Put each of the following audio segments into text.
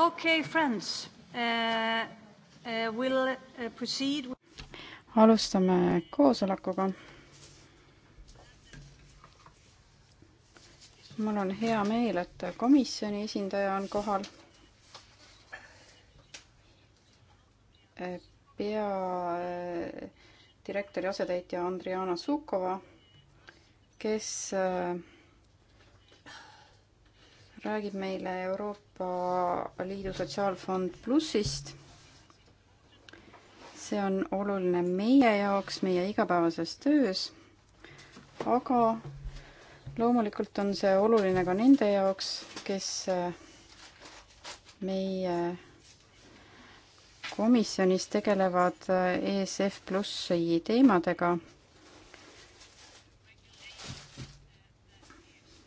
Okay, friends. Uh, uh, we'll uh, proceed. Alustame koosolekuga. Mul on hea meel, et komisjoni esindaja on kohal. Eh, pea eh, direktori asetäitja Andriana Sukova, kes äh, räägib meile Euroopa Liidu Sotsiaalfond Plussist. see on oluline meie jaoks, meie igapäevases töös, aga loomulikult on see oluline ka nende jaoks, kes äh, meie komisjonis tegelevad äh, ESF Plussi teemadega.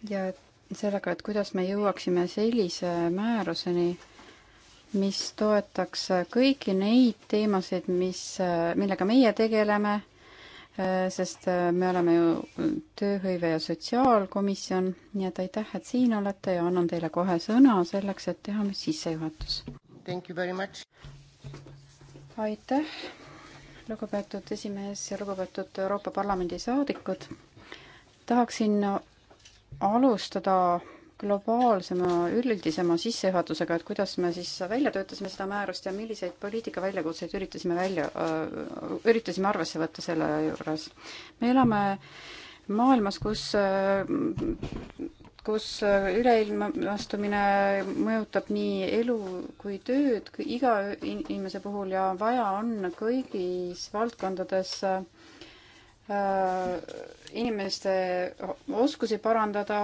ja et sellega, et kuidas me jõuaksime sellise määruseni, mis toetaks kõiki neid teemasid, mis, millega meie tegeleme, sest me oleme ju tööhõive ja sotsiaalkomisjon, nii et aitäh, et siin olete ja annan teile kohe sõna selleks, et teha sissejuhatus. aitäh, lugupeetud esimees ja lugupeetud Euroopa Parlamendi saadikud. tahaksin alustada globaalsema, üldisema sissejuhatusega, et kuidas me siis välja töötasime seda määrust ja milliseid poliitika väljakutseid üritasime välja, äh, üritasime arvesse võtta selle juures. me elame maailmas, kus, kus üleilmastumine mõjutab nii elu kui tööd kui iga inimese puhul ja vaja on kõigis valdkondades äh, Äh, inimeste oskusi parandada,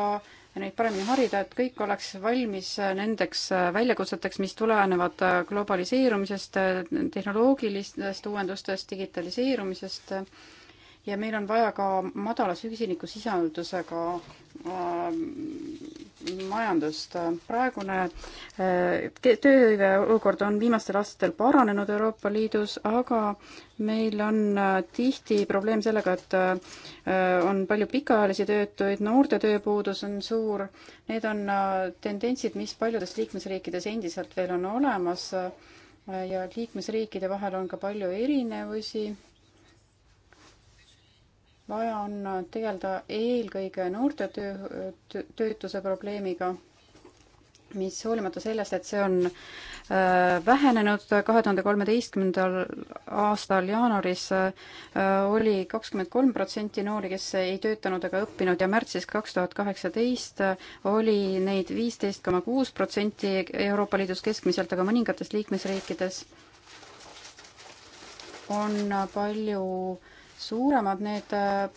neid paremini harida, et kõik oleks valmis nendeks äh, väljakutseteks, mis tulenevad äh, globaliseerumisest, tehnoloogilistest uuendustest, digitaliseerumisest ja meil on vaja ka madala süsinikusisaldusega ähm, majandust. praegune äh, tööhõive olukord on viimastel aastatel paranenud Euroopa Liidus, aga meil on äh, tihti probleem sellega, et äh, on palju pikaajalisi töötuid, noorte tööpuudus on suur, need on tendentsid, mis paljudes liikmesriikides endiselt veel on olemas ja liikmesriikide vahel on ka palju erinevusi vaja on äh, tegeleda eelkõige noorte töö, töötuse probleemiga, mis hoolimata sellest, et see on äh, vähenenud kahe tuhande kolmeteistkümnendal aastal jaanuaris äh, oli kakskümmend kolm protsenti noori, kes ei töötanud ega õppinud ja märtsis kaks tuhat kaheksateist oli neid viisteist koma kuus protsenti Euroopa Liidus keskmiselt, aga mõningates liikmesriikides on palju äh, suuremad need äh,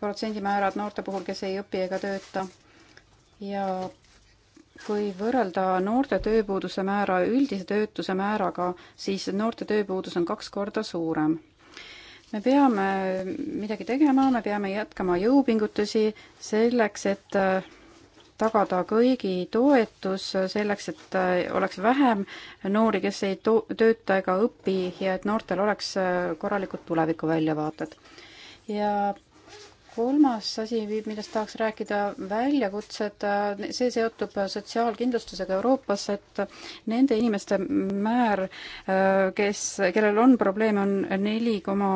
protsendimäärad noorte puhul, kes ei õpi ega tööta. ja kui võrrelda noorte tööpuuduse määra üldise töötuse määraga, siis noorte tööpuudus on kaks korda suurem. me peame midagi tegema, me peame jätkama jõupingutusi selleks, et äh, tagada kõigi toetus selleks, et äh, oleks vähem noori, kes ei to-, tööta ega õpi ja et noortel oleks äh, korralikud tulevikuväljavaated. ja kolmas asi, millest tahaks rääkida, väljakutsed, äh, see seotub sotsiaalkindlustusega Euroopas, et nende inimeste määr, kes, kellel on probleeme, on neli koma,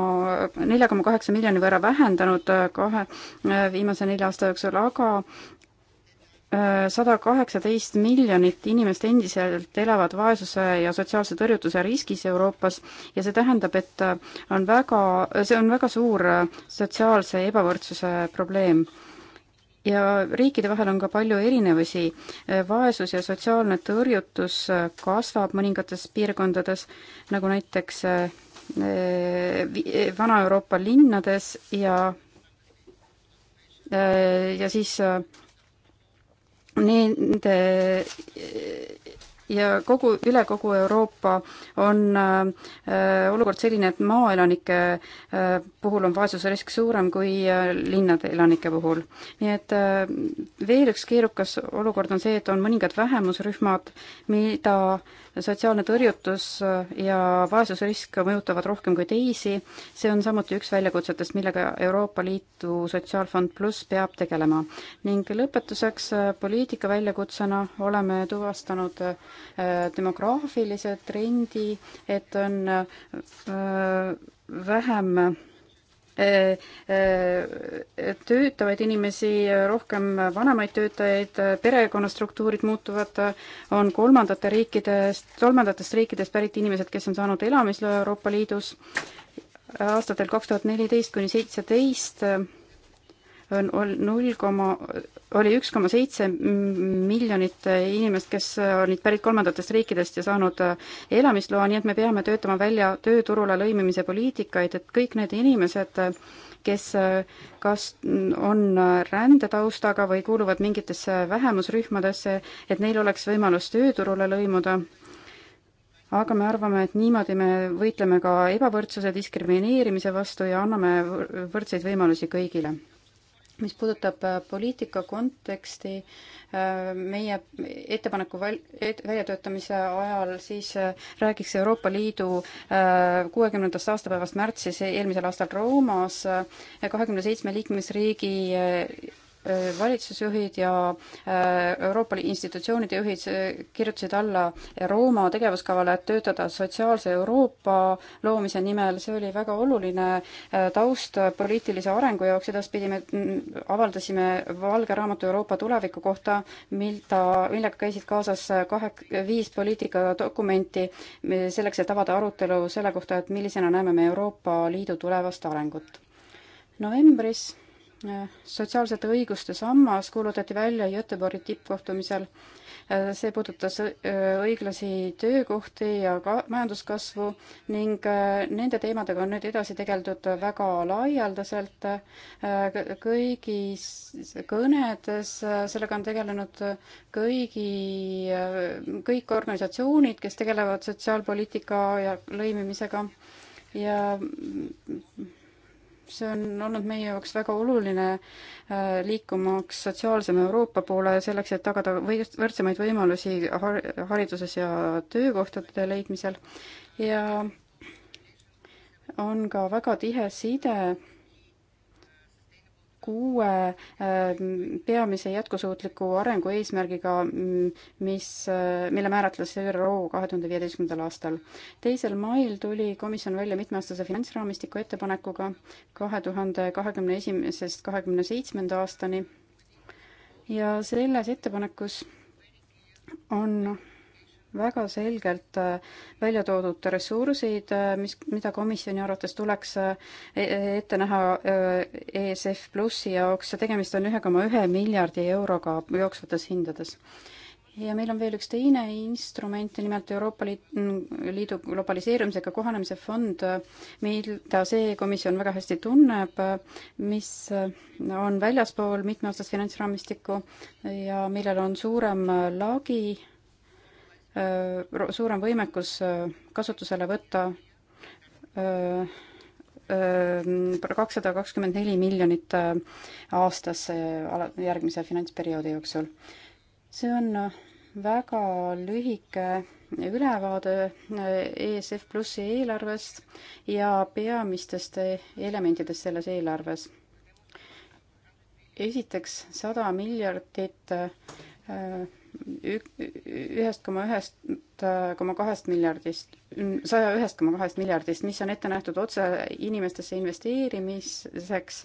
nelja koma kaheksa miljoni võrra vähendanud kahe viimase nelja aasta jooksul, aga sada kaheksateist miljonit inimest endiselt elavad vaesuse ja sotsiaalse tõrjutuse riskis Euroopas ja see tähendab, et on väga, see on väga suur sotsiaalse ebavõrdsuse probleem ja riikide vahel on ka palju erinevusi. vaesus ja sotsiaalne tõrjutus kasvab mõningates piirkondades, nagu näiteks eh, Vana-Euroopa linnades ja eh, ja siis nende ja kogu, üle kogu Euroopa on äh, olukord selline, et maaelanike äh, puhul on vaesusrisk suurem kui äh, linnade elanike puhul. nii et äh, veel üks keerukas olukord on see, et on mõningad vähemusrühmad, mida sotsiaalne tõrjutus äh, ja vaesusrisk mõjutavad rohkem kui teisi. see on samuti üks väljakutsetest, millega Euroopa Liidu Sotsiaalfond pluss peab tegelema. ning lõpetuseks äh, poliitika väljakutsena oleme tuvastanud äh, demograafilise trendi, et on vähem Äh, äh, töötavaid inimesi, rohkem vanemaid töötajaid, perekonnastruktuurid muutuvad, on kolmandate riikidest, kolmandatest riikidest pärit inimesed, kes on saanud elamisloa Euroopa Liidus aastatel kaks tuhat neliteist kuni seitseteist on null koma, oli üks koma seitse miljonit inimest, kes olid pärit kolmandatest riikidest ja saanud äh, elamisloa, nii et me peame töötama välja tööturule lõimimise poliitikaid, et kõik need inimesed, kes äh, kas on rändetaustaga või kuuluvad mingitesse vähemusrühmadesse, et neil oleks võimalus tööturule lõimuda aga me arvame, et niimoodi me võitleme ka ebavõrdsuse diskrimineerimise vastu ja anname võrdseid võimalusi kõigile mis puudutab äh, poliitika konteksti äh, meie ettepaneku väl-, et, väljatöötamise ajal, siis äh, räägiks Euroopa Liidu kuuekümnendast aastapäevast märtsis eelmisel aastal Roomas kahekümne seitsme liikmesriigi Äh, valitsusjuhid ja äh, Euroopa institutsioonide juhid kirjutasid alla Rooma tegevuskavale, et töötada sotsiaalse Euroopa loomise nimel, see oli väga oluline äh, taust poliitilise arengu jaoks, edaspidi me mm, avaldasime valge raamatu Euroopa tuleviku kohta, mil ta, millega käisid kaasas kahe, viis poliitikadokumenti, selleks, et avada arutelu selle kohta, et millisena näeme me Euroopa Liidu tulevast arengut. novembris sotsiaalsete õiguste sammas kuulutati välja Göteborgi tippkohtumisel. see puudutas õiglasi töökohti ja ka majanduskasvu ning äh, nende teemadega on nüüd edasi tegeldud väga laialdaselt äh, kõigis kõnedes, äh, sellega on tegelenud kõigi, kõik organisatsioonid, kes tegelevad sotsiaalpoliitika ja lõimimisega ja see on olnud meie jaoks väga oluline äh, liikumaks sotsiaalsema Euroopa poole selleks, et tagada võrdsemaid võimalusi har-, hariduses ja töökohtade leidmisel ja on ka väga tihe side kuue ähm, peamise jätkusuutliku arengu eesmärgiga, mm, mis, äh, mille määratles ÜRO kahe tuhande viieteistkümnendal aastal. teisel mail tuli komisjon välja mitmeaastase finantsraamistiku ettepanekuga kahe tuhande kahekümne esimesest kahekümne seitsmenda aastani ja selles ettepanekus on väga selgelt äh, välja toodud ressursid, äh, mis, mida komisjoni arvates tuleks äh, e-, ette näha ESF Plussi jaoks, tegemist on ühe koma ühe miljardi euroga jooksvates hindades. ja meil on veel üks teine instrument, nimelt Euroopa mm, Liidu globaliseerumisega kohanemise fond, mida see komisjon väga hästi tunneb, mis on väljaspool mitmeaastast finantsraamistikku ja millel on suurem lagi Äh, suurem võimekus äh, kasutusele võtta äh, kakssada kakskümmend neli miljonit aastas järgmise finantsperioodi jooksul. see on väga lühike ülevaade ESF Plussi eelarvest ja peamistest elementidest selles eelarves. esiteks sada miljardit ühest koma ühest koma kahest miljardist, saja ühest koma kahest miljardist, mis on ette nähtud otse inimestesse investeerimiseks.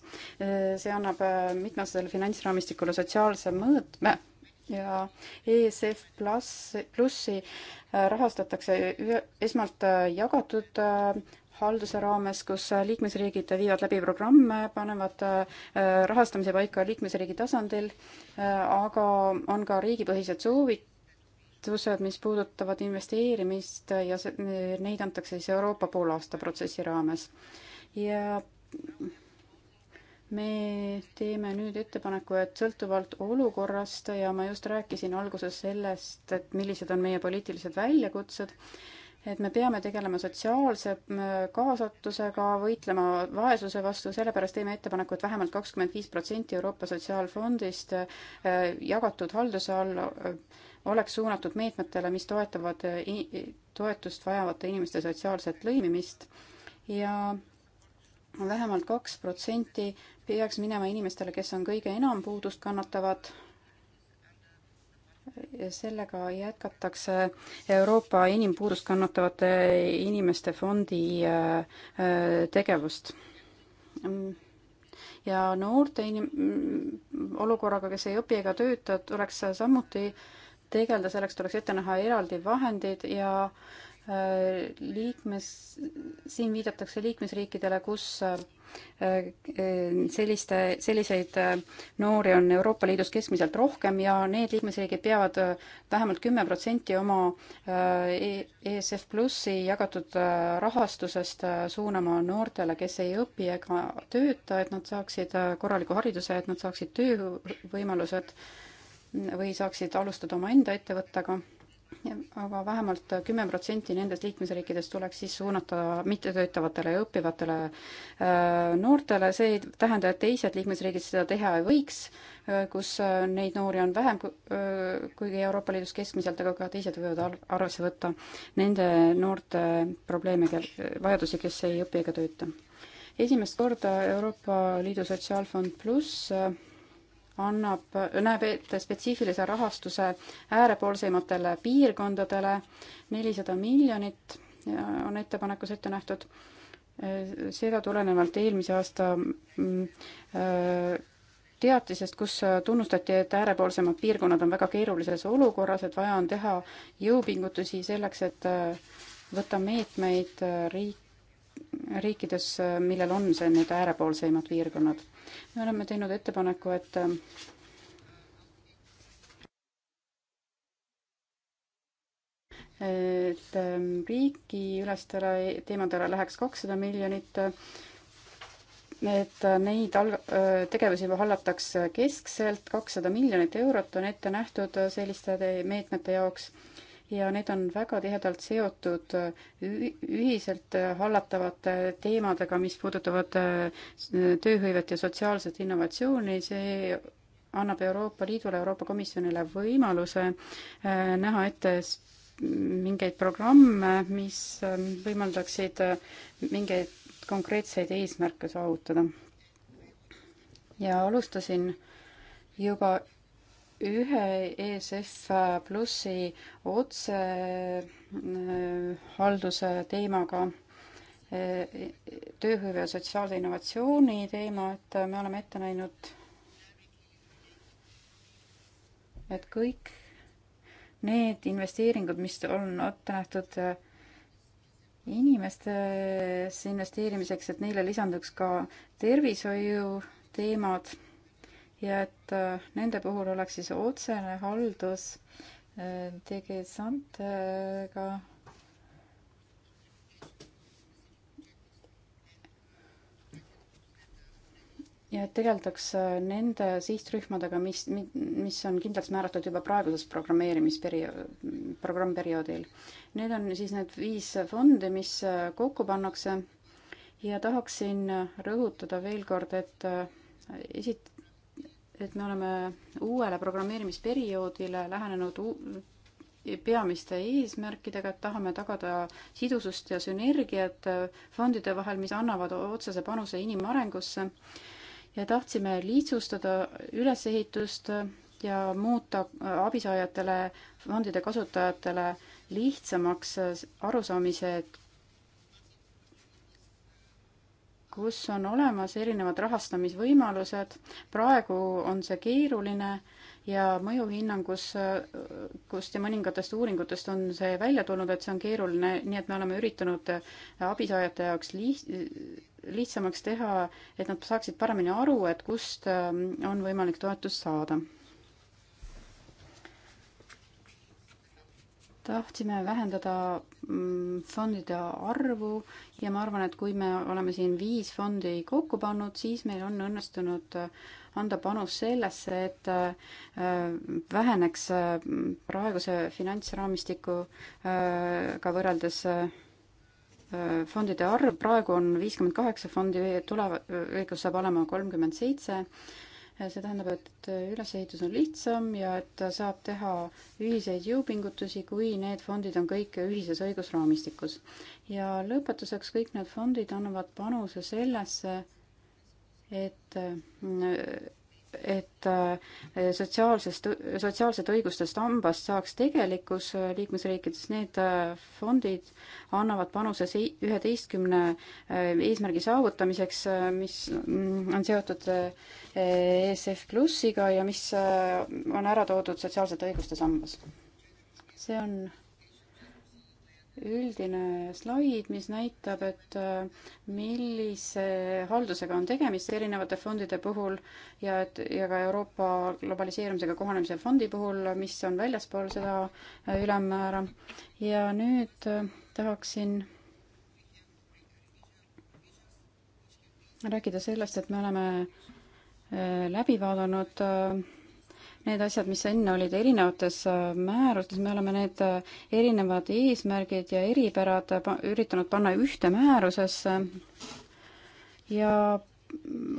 see annab äh, mitmesele finantsraamistikule sotsiaalse mõõtme ja ESF pluss, plussi äh, rahastatakse esmalt äh, jagatud halduse raames, kus liikmesriigid viivad läbi programme, panevad äh, rahastamise paika liikmesriigi tasandil, äh, aga on ka riigipõhised soovitused, mis puudutavad investeerimist ja neid antakse siis Euroopa poolaasta protsessi raames. ja me teeme nüüd ettepaneku, et sõltuvalt olukorrast ja ma just rääkisin alguses sellest, et millised on meie poliitilised väljakutsed, et me peame tegelema sotsiaalse mm, kaasatusega, võitlema vaesuse vastu, sellepärast teeme ettepaneku, et vähemalt kakskümmend viis protsenti Euroopa Sotsiaalfondist äh, jagatud halduse all äh, oleks suunatud meetmetele, mis toetavad, äh, toetust vajavate inimeste sotsiaalset lõimimist ja vähemalt kaks protsenti peaks minema inimestele, kes on kõige enam puudust kannatavad sellega jätkatakse Euroopa inimpuudust kannatavate inimeste fondi äh, äh, tegevust. Mm. ja noorte inim-, mm, olukorraga, kes ei õpi ega tööta, tuleks samuti tegeleda, selleks tuleks ette näha eraldi vahendid ja äh, Äh, liikmes, siin viidatakse liikmesriikidele, kus äh, äh, selliste, selliseid noori on Euroopa Liidus keskmiselt rohkem ja need liikmesriigid peavad vähemalt kümme protsenti oma ESF e Plussi jagatud rahastusest suunama noortele, kes ei õpi ega tööta, et nad saaksid korraliku hariduse, et nad saaksid töövõimalused või saaksid alustada omaenda ettevõttega aga vähemalt kümme protsenti nendest liikmesriikidest tuleks siis suunata mittetöötavatele ja õppivatele äh, noortele, see ei tähenda, et teised liikmesriigid seda teha ei võiks, äh, kus äh, neid noori on vähem kuigi Euroopa Liidus keskmiselt, aga ka teised võivad arvesse võtta nende noorte probleeme, kel-, vajadusi, kes ei õpi ega tööta. esimest korda Euroopa Liidu Sotsiaalfond pluss annab, näeb ette spetsiifilise rahastuse äärepoolseimatele piirkondadele, nelisada miljonit on ettepanekus ette nähtud, seda tulenevalt eelmise aasta mm, äh, teatisest, kus tunnustati, et äärepoolsemad piirkonnad on väga keerulises olukorras, et vaja on teha jõupingutusi selleks, et äh, võtta meetmeid äh, riik, riikides, millel on see, need äärepoolseimad piirkonnad me oleme teinud ettepaneku, et ähm, et ähm, riigiülestele teemadele läheks kakssada miljonit, et neid alg-, äh, tegevusi hallataks keskselt, kakssada miljonit eurot on ette nähtud selliste meetmete jaoks ja need on väga tihedalt seotud äh, ühiselt äh, hallatavate teemadega, mis puudutavad äh, tööhõivet ja sotsiaalset innovatsiooni, see annab Euroopa Liidule, Euroopa Komisjonile võimaluse näha ette mingeid programme, mis ähm, võimaldaksid mingeid konkreetseid eesmärke saavutada. ja alustasin juba ühe ESF plussi otse äh, halduse teemaga, äh, tööhõive ja sotsiaalse innovatsiooni teema, et me oleme ette näinud, et kõik need investeeringud, mis on ette nähtud äh, inimestesse investeerimiseks, et neile lisanduks ka tervishoiu teemad ja et äh, nende puhul oleks siis otsene haldus äh, degesantega ja et tegeldaks äh, nende sihtrühmadega, mis, mis on kindlaks määratud juba praeguses programmeerimisperio-, programmperioodil. Need on siis need viis fondi, mis kokku pannakse ja tahaksin rõhutada veel kord, et esit-, et me oleme uuele programmeerimisperioodile lähenenud peamiste eesmärkidega, et tahame tagada sidusust ja sünergiat fondide vahel, mis annavad otsese panuse inimarengusse ja tahtsime lihtsustada ülesehitust ja muuta abisaajatele, fondide kasutajatele lihtsamaks arusaamise, et kus on olemas erinevad rahastamisvõimalused. praegu on see keeruline ja mõjuhinnangus, kust ja mõningatest uuringutest on see välja tulnud, et see on keeruline, nii et me oleme üritanud abisaajate jaoks liht-, lihtsamaks teha, et nad saaksid paremini aru, et kust ähm, on võimalik toetust saada tahtsime vähendada mm, fondide arvu ja ma arvan, et kui me oleme siin viis fondi kokku pannud, siis meil on õnnestunud äh, anda panus sellesse, et äh, väheneks äh, praeguse finantsraamistikuga võrreldes fondide arv, praegu on viiskümmend kaheksa fondi, tulevikus saab olema kolmkümmend seitse see tähendab, et ülesehitus on lihtsam ja et saab teha ühiseid jõupingutusi, kui need fondid on kõik ühises õigusraamistikus. ja lõpetuseks, kõik need fondid annavad panuse sellesse, et et äh, sotsiaalsest, sotsiaalset õigustest hambast saaks tegelikkus äh, liikmesriikides, need äh, fondid annavad panuse see üheteistkümne eesmärgi saavutamiseks, mis mm, on seotud ESF Plussiga ja mis on ära toodud sotsiaalsete õiguste sambas. see on üldine slaid, mis näitab, et äh, millise haldusega on tegemist erinevate fondide puhul ja et ja ka Euroopa globaliseerumisega kohanemise fondi puhul, mis on väljaspool seda äh, ülemmäära. ja nüüd äh, tahaksin rääkida sellest, et me oleme läbi vaadanud äh, need asjad, mis enne olid erinevates äh, määrustes, me oleme need äh, erinevad eesmärgid ja eripärad äh, üritanud panna ühte määrusesse ja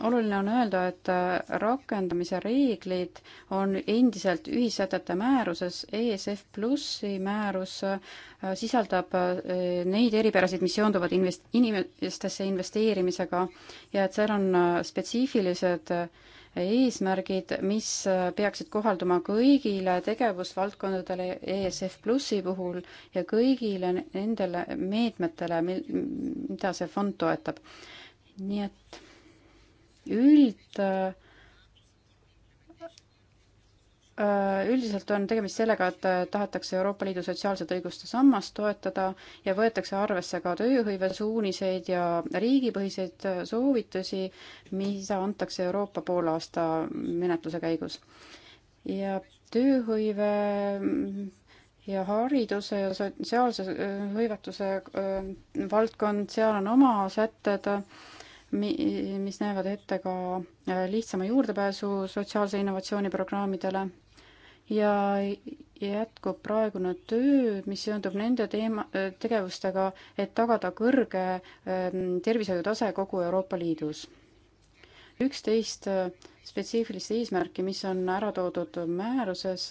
oluline on öelda, et rakendamise reeglid on endiselt ühissätete määruses, ESF Plussi määrus sisaldab neid eripärasid, mis seonduvad invest-, inimestesse investeerimisega ja et seal on spetsiifilised äh, eesmärgid, mis peaksid kohalduma kõigile tegevusvaldkondadele ESF Plussi puhul ja kõigile nendele meetmetele, mil, mida see fond toetab. nii et üld äh, Äh, üldiselt on tegemist sellega, et äh, tahetakse Euroopa Liidu sotsiaalsete õiguste sammast toetada ja võetakse arvesse ka tööhõive suuniseid ja riigipõhiseid äh, soovitusi, mida antakse Euroopa poolaasta menetluse käigus. ja tööhõive mm, ja hariduse ja sotsiaalse hõivatuse valdkond, seal on oma sätted, mi-, mis näevad ette ka lihtsama juurdepääsu sotsiaalse innovatsiooni programmidele ja jätkub praegune töö, mis seondub nende teema, tegevustega, et tagada kõrge ähm, tervishoiutase kogu Euroopa Liidus. üksteist äh, spetsiifilist eesmärki, mis on ära toodud määruses,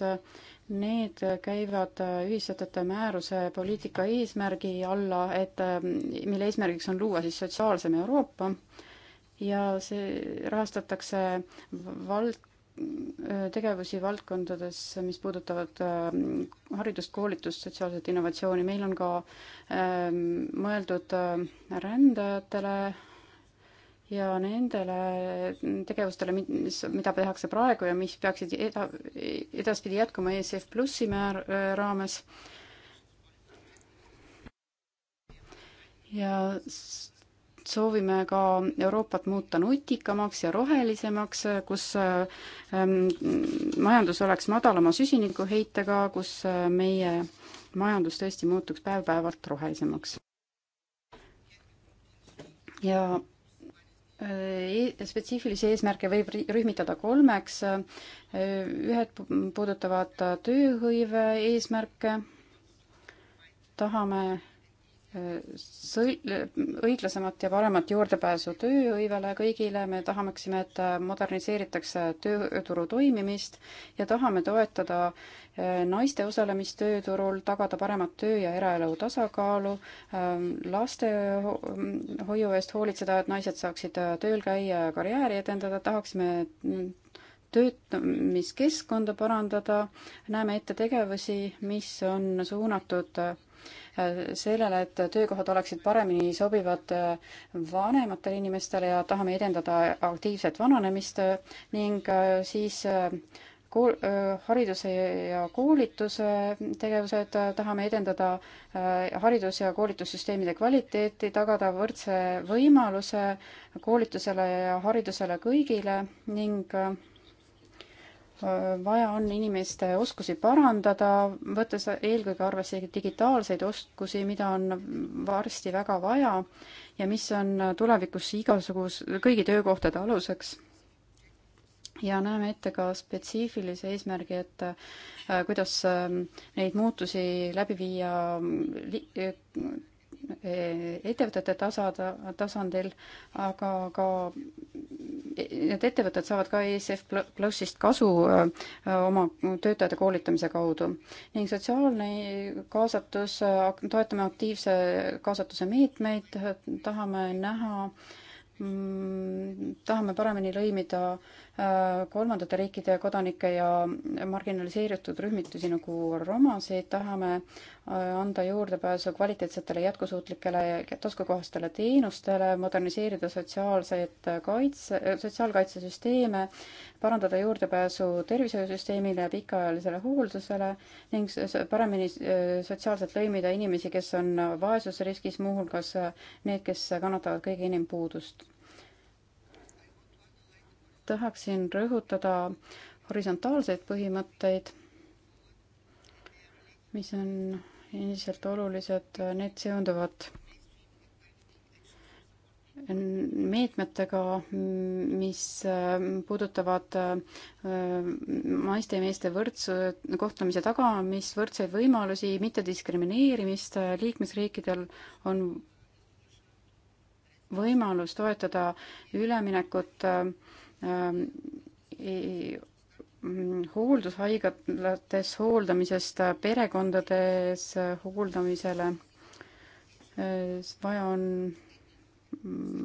need käivad äh, ühissätete määruse poliitika eesmärgi alla, et ähm, mille eesmärgiks on luua siis sotsiaalsem Euroopa ja see rahastatakse vald, tegevusi valdkondades, mis puudutavad ähm, haridust, koolitust, sotsiaalset innovatsiooni, meil on ka ähm, mõeldud äh, rändajatele ja nendele tegevustele, mis, mida tehakse praegu ja mis peaksid eda-, edaspidi jätkuma ESF Plussi määr-, äh, raames. ja soovime ka Euroopat muuta nutikamaks ja rohelisemaks, kus ähm, majandus oleks madalama süsinikuheitega, kus äh, meie majandus tõesti muutuks päev-päevalt rohelisemaks. ja äh, e-, spetsiifilisi eesmärke võib rühmitada kolmeks. Äh, ühed puudutavad tööhõive eesmärke. tahame sõl-, õiglasemat ja paremat juurdepääsu tööhõivele kõigile, me tahaksime, et moderniseeritakse tööturu toimimist ja tahame toetada eh, naiste osalemist tööturul, tagada paremat töö- ja eraelu tasakaalu, ehm, lastehoiu eest hoolitseda, et naised saaksid eh, tööl käia ja karjääri edendada, tahaksime mm, töötamiskeskkonda parandada, näeme ette tegevusi, mis on suunatud eh, sellele, et töökohad oleksid paremini sobivad äh, vanematele inimestele ja tahame edendada aktiivset vananemist äh, ning äh, siis kool, hariduse ja koolituse tegevused, tahame edendada haridus- ja koolitussüsteemide kvaliteeti, tagada võrdse võimaluse koolitusele ja haridusele kõigile ning vaja on inimeste oskusi parandada, võttes eelkõige arvesse digitaalseid oskusi, mida on varsti väga vaja ja mis on tulevikus igasugus, kõigi töökohtade aluseks. ja näeme ette ka spetsiifilise eesmärgi, et äh, kuidas ähm, neid muutusi läbi viia Eh, ettevõtete tasada, tasandil, aga ka need ettevõtted saavad ka ESF plussist kasu eh, oma töötajate koolitamise kaudu. ning sotsiaalne kaasatus, toetame aktiivse kaasatuse meetmeid, tahame näha mm, tahame paremini lõimida Äh, kolmandate riikide kodanikke ja marginaliseeritud rühmitusi nagu romasid, tahame äh, anda juurdepääsu kvaliteetsetele jätkusuutlikele ja taskukohastele teenustele, moderniseerida sotsiaalset kaitse, sotsiaalkaitsesüsteeme, parandada juurdepääsu tervishoiusüsteemile ja pikaajalisele hooldusele ning paremini äh, sotsiaalselt lõimida inimesi, kes on vaesusriskis, muuhulgas need, kes kannatavad kõige enim puudust tahaksin rõhutada horisontaalseid põhimõtteid, mis on endiselt olulised, need seonduvad meetmetega, mis puudutavad äh, naiste ja meeste võrdse kohtlemise tagamist, võrdseid võimalusi, mittediskrimineerimist, äh, liikmesriikidel on võimalus toetada üleminekut äh, Ähm, mm, hooldushaiglates hooldamisest äh, perekondades äh, hooldamisele. Äh, vaja on mm,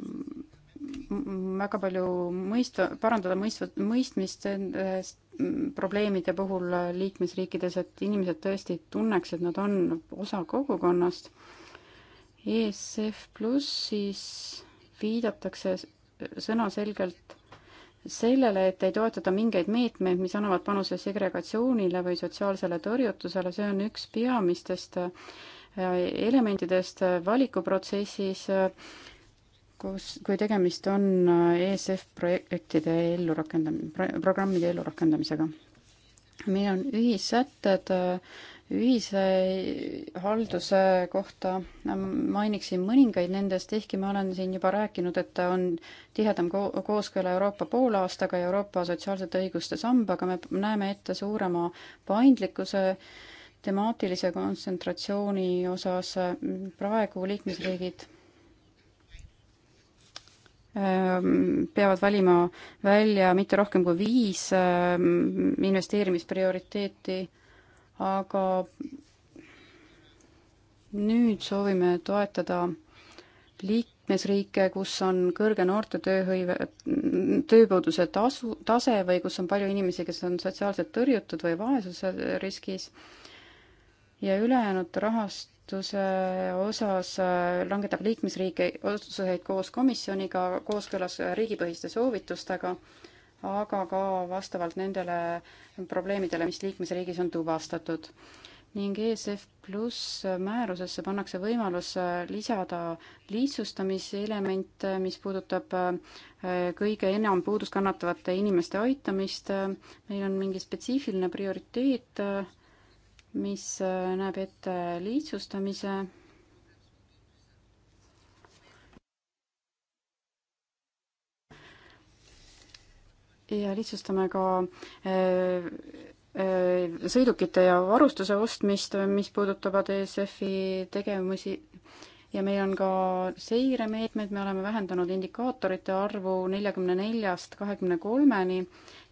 mm, väga palju mõista, parandada mõistva, mõistmist probleemide puhul liikmesriikides, et inimesed tõesti tunneks, et nad on osa kogukonnast. ESF plussis viidatakse sõnaselgelt sellele, et ei toetata mingeid meetmeid, mis annavad panuse segregatsioonile või sotsiaalsele tõrjutusele, see on üks peamistest äh, elementidest äh, valikuprotsessis, äh, kus, kui tegemist on ESF projektide ellurakendam-, programmide ellurakendamisega. meil on ühissätted ühise halduse kohta mainiksin mõningaid nendest, ehkki ma olen siin juba rääkinud, et ta on tihedam ko-, kooskõla Euroopa poolaastaga ja Euroopa sotsiaalsete õiguste sambaga, me näeme ette suurema paindlikkuse temaatilise kontsentratsiooni osas praegu liikmesriigid ähm, peavad valima välja mitte rohkem kui viis ähm, investeerimisprioriteeti aga nüüd soovime toetada liikmesriike, kus on kõrge noorte tööhõive, tööpuuduse tasu, tase või kus on palju inimesi, kes on sotsiaalselt tõrjutud või vaesuse riskis ja ülejäänud rahastuse osas äh, langetab liikmesriike otsuseid koos komisjoniga kooskõlas äh, riigipõhiste soovitustega aga ka vastavalt nendele probleemidele, mis liikmesriigis on tuvastatud. ning ESF pluss määrusesse pannakse võimalus lisada lihtsustamiselemente, mis puudutab äh, kõige enam puudust kannatavate inimeste aitamist. meil on mingi spetsiifiline prioriteet, äh, mis äh, näeb ette lihtsustamise ja lihtsustame ka äh, äh, sõidukite ja varustuse ostmist, mis puudutavad ESF-i tegevusi ja meil on ka seiremeetmed, me oleme vähendanud indikaatorite arvu neljakümne neljast kahekümne kolmeni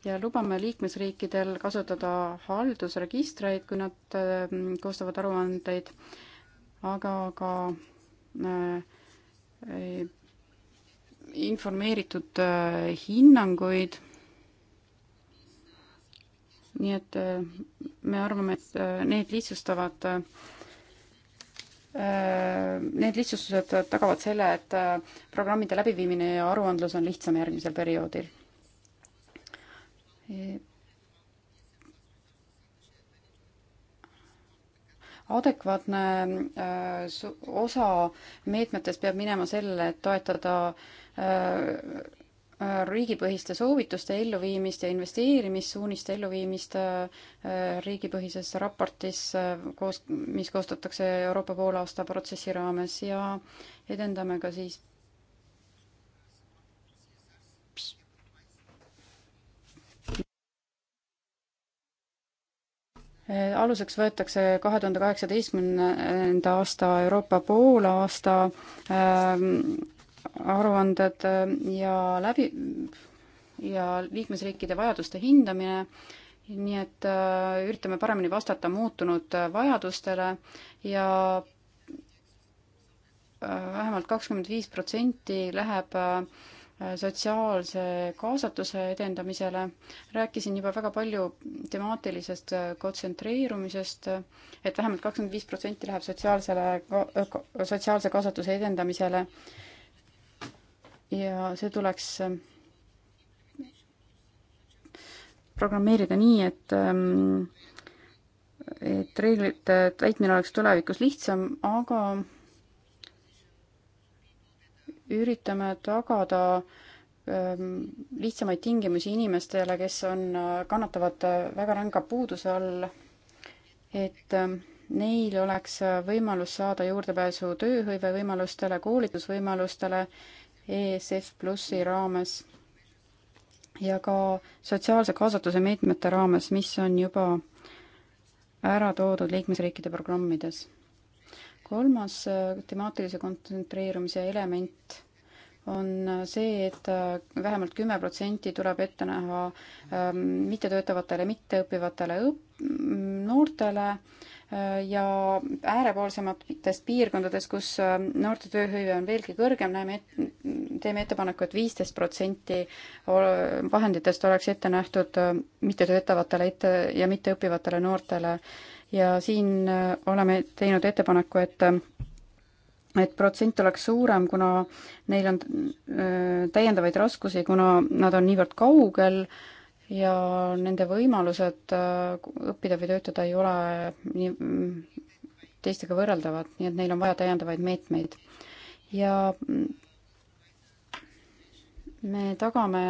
ja lubame liikmesriikidel kasutada haldusregistreid, kui nad äh, koostavad aruandeid, aga ka äh, informeeritud äh, hinnanguid nii et äh, me arvame, et äh, need lihtsustavad, äh, need lihtsustused tagavad selle, et programmide läbiviimine ja aruandlus on lihtsam järgmisel perioodil. E- adekvaatne osa meetmetest peab minema sellele, et toetada riigipõhiste soovituste elluviimist ja investeerimissuuniste elluviimist äh, riigipõhises raportis, äh, koos, mis koostatakse Euroopa poolaasta protsessi raames ja edendame ka siis aluseks võetakse kahe tuhande kaheksateistkümnenda aasta Euroopa poolaasta ähm, aruanded äh, ja läbi ja liikmesriikide vajaduste hindamine, nii et äh, üritame paremini vastata muutunud äh, vajadustele ja vähemalt kakskümmend viis protsenti läheb sotsiaalse kaasatuse edendamisele. rääkisin juba väga palju temaatilisest kontsentreerumisest, et vähemalt kakskümmend viis protsenti läheb sotsiaalsele, sotsiaalse kaasatuse edendamisele ja see tuleks ähm, programmeerida nii, et ähm, et reeglite täitmine oleks tulevikus lihtsam, aga üritame tagada ähm, lihtsamaid tingimusi inimestele, kes on, äh, kannatavad äh, väga ränga puuduse all, et neil oleks äh, võimalus saada juurdepääsu tööhõive võimalustele, koolitusvõimalustele ESF Plussi raames ja ka sotsiaalse kaasatuse meetmete raames, mis on juba ära toodud liikmesriikide programmides. kolmas äh, temaatilise kontsentreerumise element on äh, see, et äh, vähemalt kümme protsenti tuleb ette näha ähm, mittetöötavatele, mitteõppivatele õp-, noortele äh, ja äärepoolsematest piirkondadest, kus äh, noorte tööhõive on veelgi kõrgem, näeme et,, teeme ettepaneku et, et viisteist protsenti äh, vahenditest oleks ette nähtud äh, mittetöötavatele ette ja mitteõppivatele noortele. ja siin oleme teinud ettepaneku, et et protsent oleks suurem, kuna neil on täiendavaid raskusi, kuna nad on niivõrd kaugel äh, ja nende võimalused äh, õppida või töötada ei ole nii mm, teistega võrreldavad, nii et neil on vaja täiendavaid meetmeid. ja mm, me tagame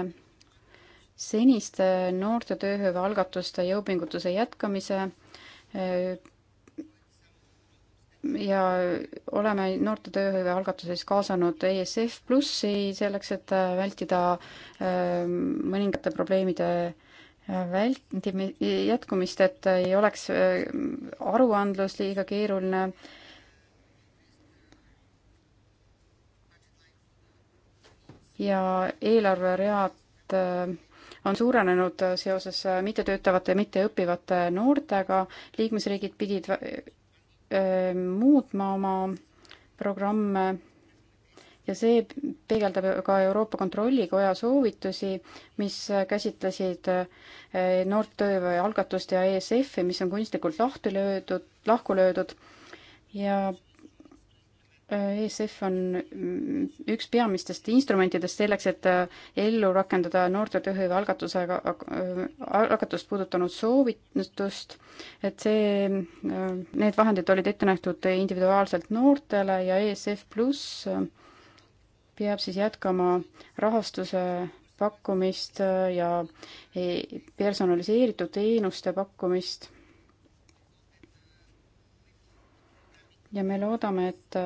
seniste noorte tööhõive algatuste jõupingutuse jätkamise, äh, ja oleme noorte tööhõive algatuses kaasanud ESF Plussi selleks, et äh, vältida ähm, mõningate probleemide äh, vältimi-, jätkumist, et ei oleks äh, aruandlus liiga keeruline ja eelarveread on suurenenud seoses mittetöötavate, mitteõppivate noortega, liikmesriigid pidid muutma oma programme ja see peegeldab ka Euroopa Kontrollikoja soovitusi, mis käsitlesid noort tööhõive algatust ja ESF-i, mis on kunstlikult lahti löödud, lahku löödud ja ESF on mm, üks peamistest instrumentidest selleks, et äh, ellu rakendada noorte tööhõive algatusega, äh, algatust puudutanud soovitust, et see, äh, need vahendid olid ette nähtud individuaalselt noortele ja ESF pluss peab siis jätkama rahastuse pakkumist ja e, personaliseeritud teenuste pakkumist. ja me loodame, et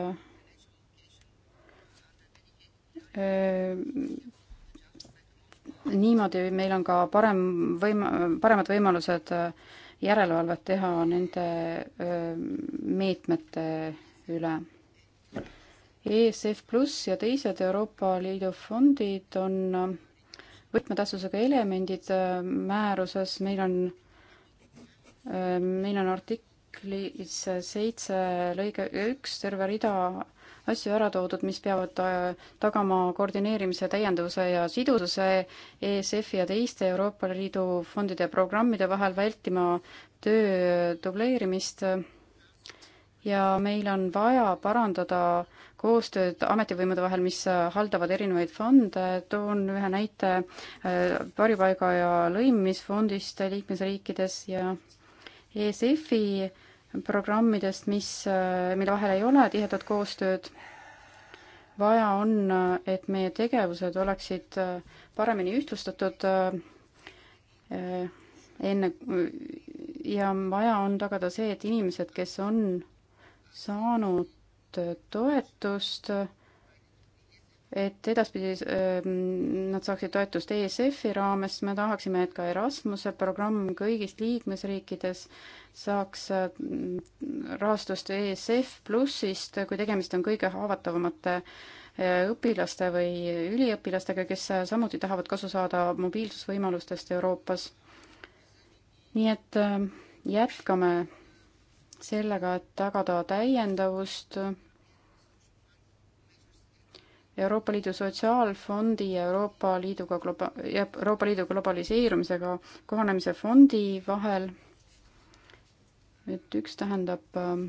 niimoodi meil on ka parem võim-, paremad võimalused äh, järelevalvet teha nende meetmete üle. ESF pluss ja teised Euroopa Liidu fondid on äh, võtmetähtsusega elemendid äh, määruses, meil on, meil on artiklis seitse lõige üks terve rida asju ära toodud, mis peavad äh, tagama koordineerimise, täiendavuse ja sidususe ESF-i ja teiste Euroopa Liidu fondide ja programmide vahel, vältima töö dubleerimist ja meil on vaja parandada koostööd ametivõimude vahel, mis äh, haldavad erinevaid fonde, toon ühe näite äh, varjupaiga ja lõimimisfondist liikmesriikides ja ESF-i programmidest, mis, äh, mille vahel ei ole tihedat koostööd. vaja on, äh, et meie tegevused oleksid äh, paremini ühtlustatud enne ja vaja on tagada see, et inimesed, kes on saanud toetust, et edaspidi nad saaksid toetust ESF-i raames, me tahaksime, et ka Erasmuse programm kõigis liikmesriikides äh, saaks äh, rahastust ESF plussist, kui tegemist on kõige haavatavamate äh, õpilaste või üliõpilastega, kes äh, samuti tahavad kasu saada mobiilsusvõimalustest Euroopas. nii et jätkame sellega, et tagada täiendavust Euroopa Liidu Sotsiaalfondi ja Euroopa Liiduga globa-, Euroopa Liidu globaliseerumisega kohanemise fondi vahel et üks tähendab äh,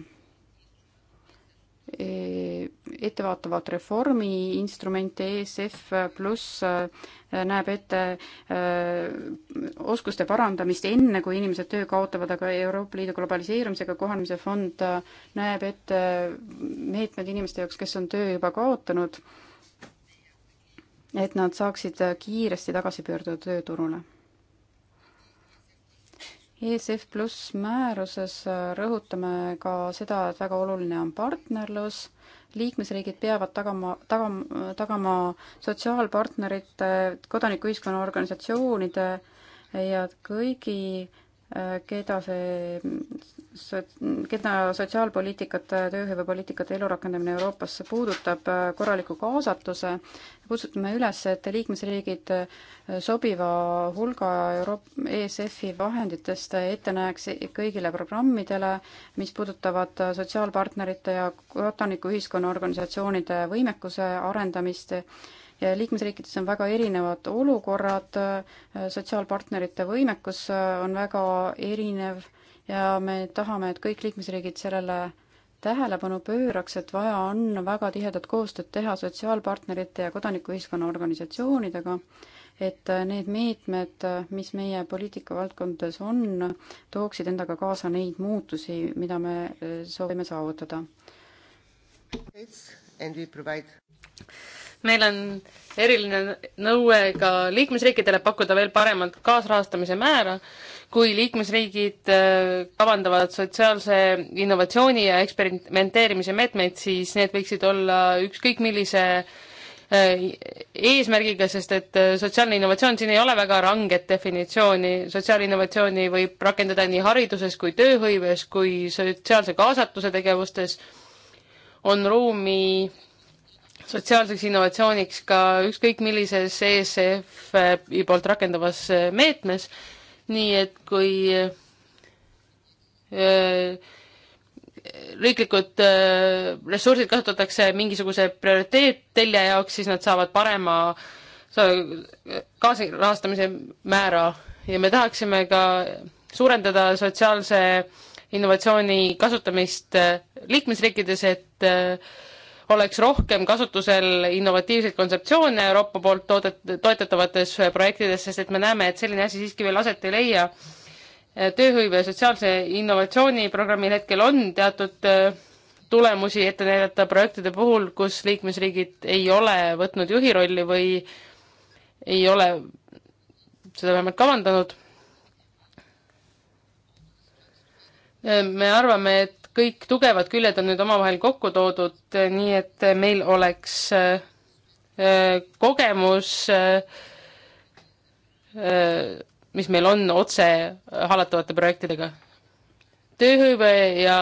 e-, ettevaatavat reformi instrumente ESF pluss äh, näeb ette äh, oskuste parandamist enne, kui inimesed töö kaotavad, aga Euroopa Liidu globaliseerumisega kohanemise fond näeb ette meetmed inimeste jaoks, kes on töö juba kaotanud, et nad saaksid kiiresti tagasi pöörduda tööturule ESF pluss määruses äh, rõhutame ka seda, et väga oluline on partnerlus, liikmesriigid peavad tagama, tagama, tagama sotsiaalpartnerite, kodanikuühiskonna organisatsioonide ja kõigi, äh, keda see keda sotsiaalpoliitikat, tööhõivepoliitikat ja elurakendamine Euroopasse puudutab, äh, korraliku kaasatuse, kutsume üles, et liikmesriigid äh, sobiva hulga Euroop-, ESF-i vahenditest ette näeks kõigile programmidele, mis puudutavad äh, sotsiaalpartnerite ja kodanikuühiskonna organisatsioonide võimekuse arendamist ja liikmesriikides on väga erinevad olukorrad, sotsiaalpartnerite võimekus on väga erinev ja me tahame, et kõik liikmesriigid sellele tähelepanu pööraks, et vaja on väga tihedat koostööd teha sotsiaalpartnerite ja kodanikuühiskonna organisatsioonidega, et need meetmed, mis meie poliitikavaldkondades on, tooksid endaga kaasa neid muutusi, mida me eh, soovime saavutada. meil on eriline nõue ka liikmesriikidele pakkuda veel paremat kaasrahastamise määra kui liikmesriigid äh, kavandavad sotsiaalse innovatsiooni ja eksperimenteerimise meetmeid, siis need võiksid olla ükskõik millise äh, eesmärgiga, sest et äh, sotsiaalne innovatsioon, siin ei ole väga ranget definitsiooni, sotsiaalinnovatsiooni võib rakendada nii hariduses kui tööhõives kui sotsiaalse kaasatuse tegevustes, on ruumi sotsiaalseks innovatsiooniks ka ükskõik millises ESF-i poolt rakendavas meetmes nii et kui riiklikud ressursid kasutatakse mingisuguse prioriteettelje jaoks, siis nad saavad parema kaasrahastamise määra ja me tahaksime ka suurendada sotsiaalse innovatsiooni kasutamist äh, liikmesriikides, et äh, oleks rohkem kasutusel innovatiivseid kontseptsioone Euroopa poolt toodet-, toetatavates projektides, sest et me näeme, et selline asi siiski veel aset ei leia. tööhõive ja sotsiaalse innovatsiooni programmil hetkel on teatud äh, tulemusi ette näidata projektide puhul, kus liikmesriigid ei ole võtnud juhi rolli või ei ole seda vähemalt kavandanud äh, me arvame, et kõik tugevad küljed on nüüd omavahel kokku toodud, nii et meil oleks äh, kogemus, äh, äh, mis meil on otse hallatavate projektidega. tööhõive ja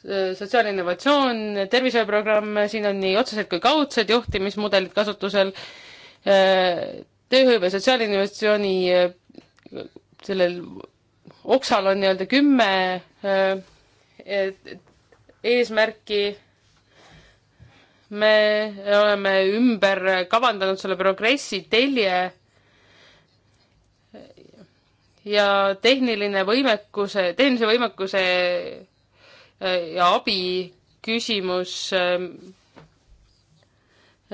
sotsiaalne innovatsioon, tervishoiuprogramm, siin on nii otsesed kui kaudsed juhtimismudelid kasutusel, tööhõive sotsiaalinnovatsiooni sellel oksal on nii-öelda kümme eesmärki. me oleme ümber kavandanud selle progressi telje ja tehniline võimekuse, tehnilise võimekuse äh, ja abi küsimus ähm,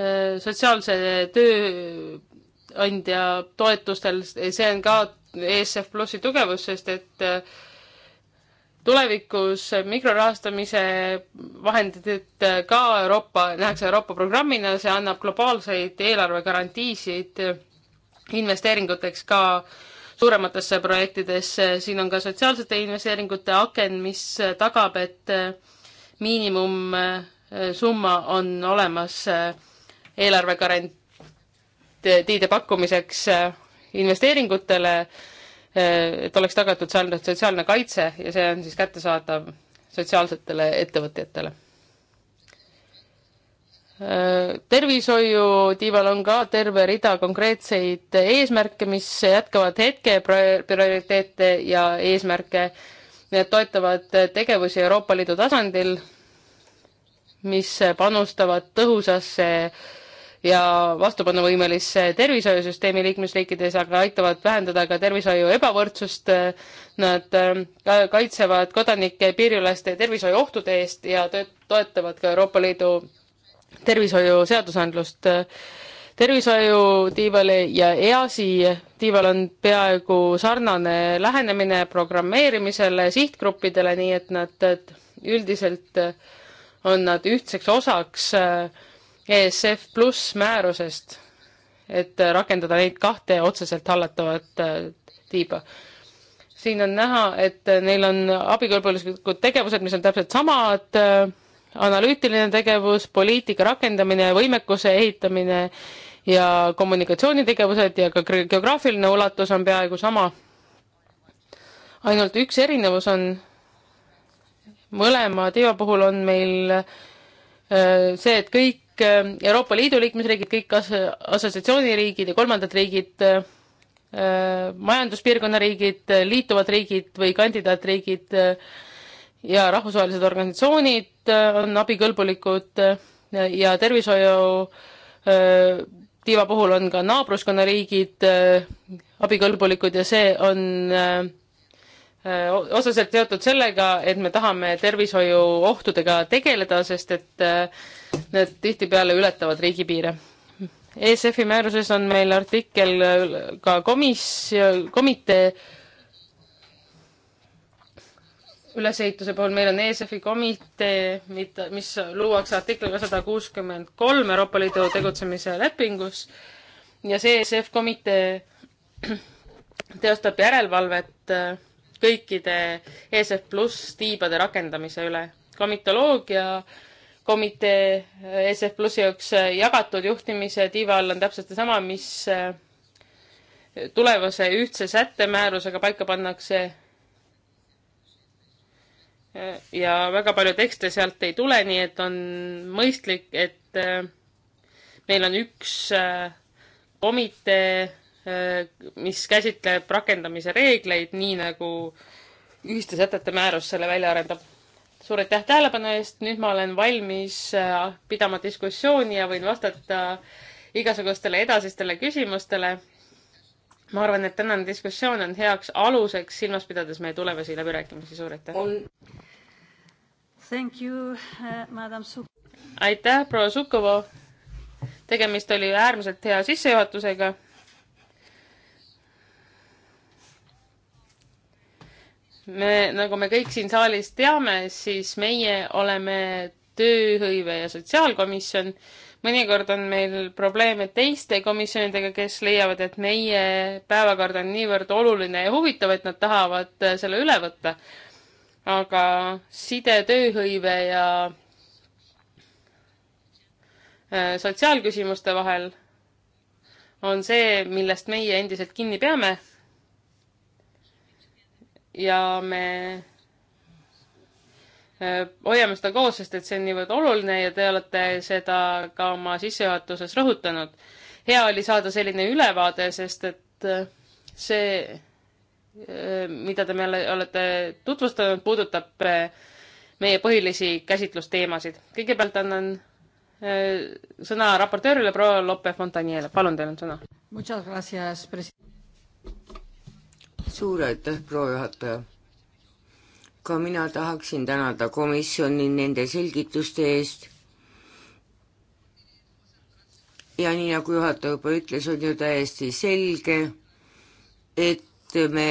äh, sotsiaalse tööandja toetustel, see on ka ESF Plussi tugevus, sest et äh, tulevikus mikrorahastamise vahendid äh, ka Euroopa, nähakse Euroopa programmina, see annab globaalseid eelarvegarantiisid investeeringuteks ka suurematesse projektidesse, siin on ka sotsiaalsete investeeringute aken, mis tagab, et äh, miinimumsumma on olemas äh, eelarvegarantiide pakkumiseks investeeringutele Eh, et oleks tagatud sealne sotsiaalne kaitse ja see on siis kättesaadav sotsiaalsetele ettevõtjatele. Eh, tervishoiu tiival on ka terve rida konkreetseid eesmärke, mis jätkavad hetke prioriteete ja eesmärke. Need toetavad tegevusi Euroopa Liidu tasandil, mis panustavad tõhusasse äh, ja vastupanuvõimelisse tervishoiusüsteemi liikmesriikides, aga aitavad vähendada ka tervishoiu ebavõrdsust. Nad ähm, kaitsevad kodanike piiriüleste tervishoiuohtude eest ja toetavad ka Euroopa Liidu tervishoiuseadusandlust. tervishoiu tiival ja EAS-i tiival on peaaegu sarnane lähenemine programmeerimisele, sihtgruppidele, nii et nad üldiselt on nad ühtseks osaks äh, ESF pluss määrusest, et rakendada neid kahte otseselt hallatavat äh, tiiba. siin on näha, et neil on abikõlbulikud tegevused, mis on täpselt samad, äh, analüütiline tegevus, poliitika rakendamine, võimekuse ehitamine ja kommunikatsioonitegevused ja ka geograafiline ulatus on peaaegu sama. ainult üks erinevus on, mõlema tiiva puhul on meil äh, see, et kõik Äh, Euroopa Liidu liikmesriigid, kõik as-, assotsiatsiooniriigid ja kolmandad riigid, äh, majanduspiirkonna riigid, liituvad riigid või kandidaatriigid äh, ja rahvusvahelised organisatsioonid on abikõlbulikud ja tervishoiu tiiva puhul on ka naabruskonna riigid abikõlbulikud ja see on osaselt seotud sellega, et me tahame tervishoiuohtudega tegeleda, sest et need tihtipeale ületavad riigipiire. ESF-i määruses on meil artikkel ka komis-, komitee ülesehituse puhul meil on ESF-i komitee, mida, mis luuakse artikliga sada kuuskümmend kolm Euroopa Liidu tegutsemise lepingus ja see ESF komitee teostab järelevalvet äh, kõikide ESF pluss tiibade rakendamise üle. komitoloogia komitee ESF plussi jaoks äh, jagatud juhtimise tiiva all on täpselt seesama, mis äh, tulevase ühtse sättemäärusega paika pannakse. Äh, ja väga palju tekste sealt ei tule, nii et on mõistlik, et meil on üks komitee Äh, mis käsitleb rakendamise reegleid, nii nagu ühiste sätete määrus selle välja arendab. suur aitäh tähelepanu eest, nüüd ma olen valmis äh, pidama diskussiooni ja võin vastata igasugustele edasistele küsimustele. ma arvan, et tänane diskussioon on heaks aluseks, silmas pidades meie tulevasi läbirääkimisi, suur aitäh! Thank you uh,, madam Suk-. aitäh, proua Sukovo! tegemist oli äärmiselt hea sissejuhatusega me, nagu me kõik siin saalis teame, siis meie oleme tööhõive ja sotsiaalkomisjon. mõnikord on meil probleeme teiste komisjonidega, kes leiavad, et meie päevakord on niivõrd oluline ja huvitav, et nad tahavad äh, selle üle võtta. aga side, tööhõive ja äh, sotsiaalküsimuste vahel on see, millest meie endiselt kinni peame ja me äh, hoiame seda koos, sest et see on niivõrd oluline ja te olete seda ka oma sissejuhatuses rõhutanud. hea oli saada selline ülevaade, sest et äh, see, äh, mida te meile olete tutvustanud, puudutab meie põhilisi käsitlusteemasid. kõigepealt annan sõna raportöörile, proua Lope Fontaniele, palun, teil on sõna suur aitäh, proua juhataja! ka mina tahaksin tänada komisjoni nende selgituste eest. ja nii nagu juhataja juba ütles, on ju täiesti selge, et me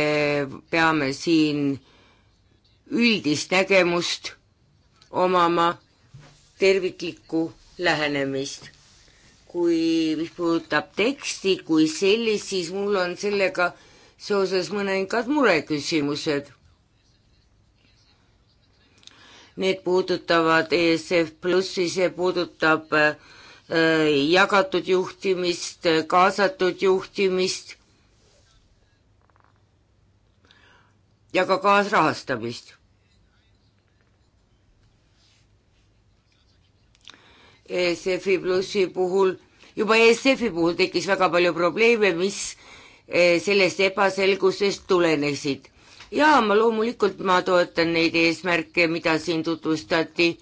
peame siin üldist nägemust omama, terviklikku lähenemist. kui, mis puudutab teksti kui sellist, siis mul on sellega seoses mõningad mureküsimused. Need puudutavad ESF plussi, see puudutab äh, jagatud juhtimist, kaasatud juhtimist ja ka kaasrahastamist. ESF-i plussi puhul, juba ESF-i puhul tekkis väga palju probleeme, mis Eh, sellest ebaselgusest tulenesid. ja ma loomulikult, ma toetan neid eesmärke, mida siin tutvustati.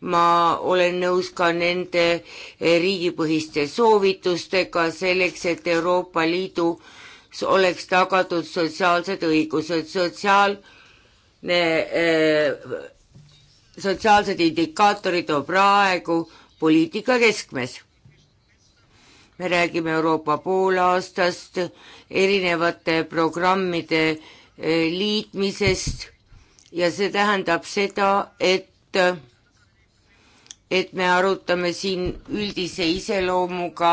ma olen nõus ka nende eh, riigipõhiste soovitustega selleks, et Euroopa Liidu oleks tagatud sotsiaalsed õigused, sotsiaalne äh, eh, sotsiaalsed indikaatorid on praegu poliitika keskmes. me räägime Euroopa poolaastast, erinevate programmide eh, liitmisest ja see tähendab seda, et, et me arutame siin üldise iseloomuga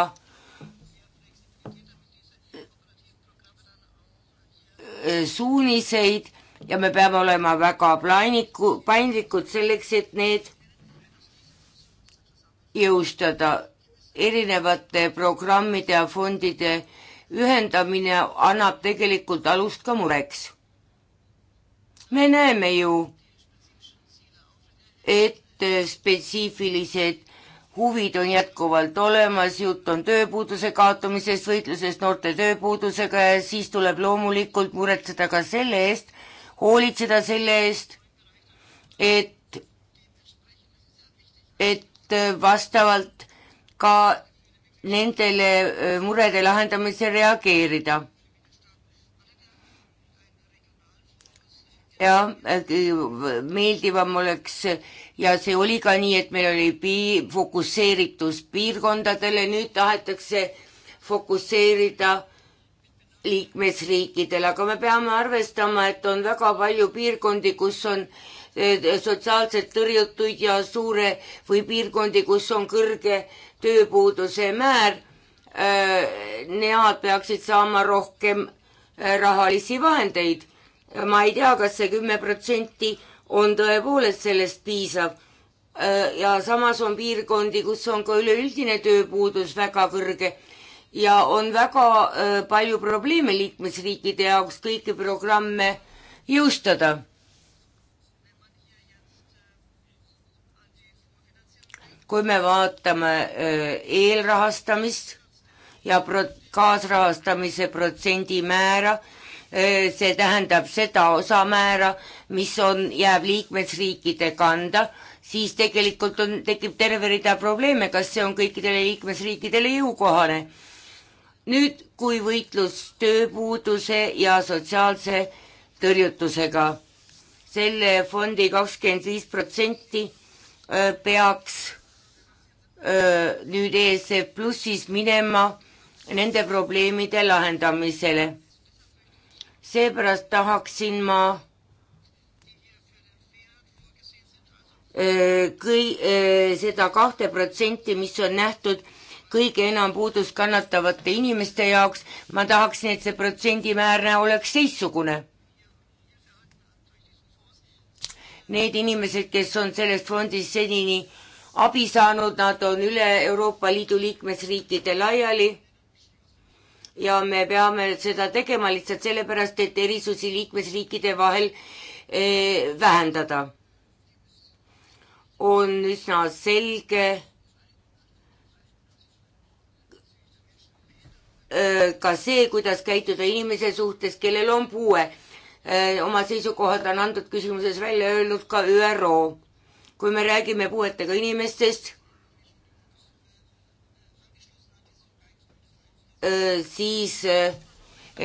eh, suuniseid ja me peame olema väga plaaniku, paindlikud selleks, et need jõustada erinevate programmide ja fondide ühendamine annab tegelikult alust ka mureks. me näeme ju, et spetsiifilised huvid on jätkuvalt olemas, jutt on tööpuuduse kaotamisest, võitlusest noorte tööpuudusega ja siis tuleb loomulikult muretseda ka selle eest, hoolitseda selle eest, et, et vastavalt ka nendele murede lahendamisel reageerida. jah, meeldivam oleks ja see oli ka nii, et meil oli pii-, fokusseeritus piirkondadele, nüüd tahetakse fokusseerida liikmesriikidele, aga me peame arvestama, et on väga palju piirkondi, kus on äh, Eh, sotsiaalselt tõrjutuid ja suure või piirkondi, kus on kõrge tööpuuduse määr. Eh, nemad peaksid saama rohkem eh, rahalisi vahendeid. ma ei tea, kas see kümme protsenti on tõepoolest sellest piisav. ja samas on piirkondi, kus on ka üleüldine tööpuudus väga kõrge ja on väga palju probleeme liikmesriikide jaoks kõiki programme jõustada kui me vaatame äh, eelrahastamist ja pro-, kaasrahastamise protsendimäära, äh, see tähendab seda osamäära, mis on, jääb liikmesriikide kanda, siis tegelikult on, tekib terve rida probleeme, kas see on kõikidele liikmesriikidele jõukohane. nüüd, kui võitlus tööpuuduse ja sotsiaalse tõrjutusega, selle fondi kakskümmend viis protsenti äh, peaks nüüd ESF Plussis minema nende probleemide lahendamisele. seepärast tahaksin ma kõi-, seda kahte protsenti, mis on nähtud kõige enam puudust kannatavate inimeste jaoks, ma tahaksin, et see protsendimäär oleks teistsugune. Need inimesed, kes on sellest fondist senini äh, abi saanud, nad on üle Euroopa Liidu liikmesriikide laiali. ja me peame seda tegema lihtsalt sellepärast, et erisusi liikmesriikide vahel eh, vähendada. on üsna selge eh, ka see, kuidas käituda inimese suhtes, kellel on puue. Eh, oma seisukohad on antud küsimuses välja öelnud ka ÜRO kui me räägime puuetega inimestest, äh, siis äh,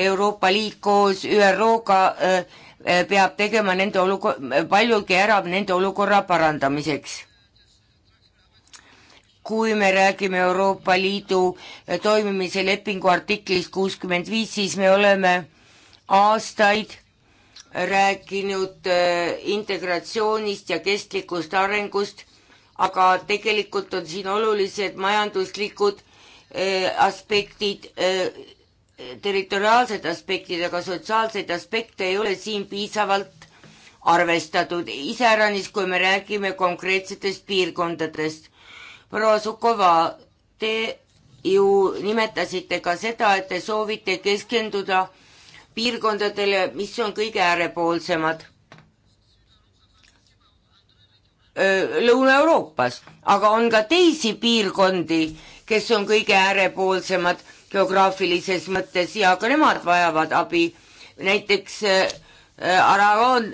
Euroopa Liit koos ÜRO-ga äh, peab tegema nende olukor-, paljugi ära nende olukorra parandamiseks. kui me räägime Euroopa Liidu toimimise lepingu artiklist kuuskümmend viis, siis me oleme aastaid rääkinud äh, integratsioonist ja kestlikust arengust, aga tegelikult on siin olulised majanduslikud äh, aspektid, äh, territoriaalsed aspektid, aga sotsiaalseid aspekte ei ole siin piisavalt arvestatud, iseäranis, kui me räägime konkreetsetest piirkondadest. proua Sukova, te ju nimetasite ka seda, et te soovite keskenduda piirkondadele, mis on kõige äärepoolsemad Lõuna-Euroopas, aga on ka teisi piirkondi, kes on kõige äärepoolsemad geograafilises mõttes ja ka nemad vajavad abi. näiteks Aragon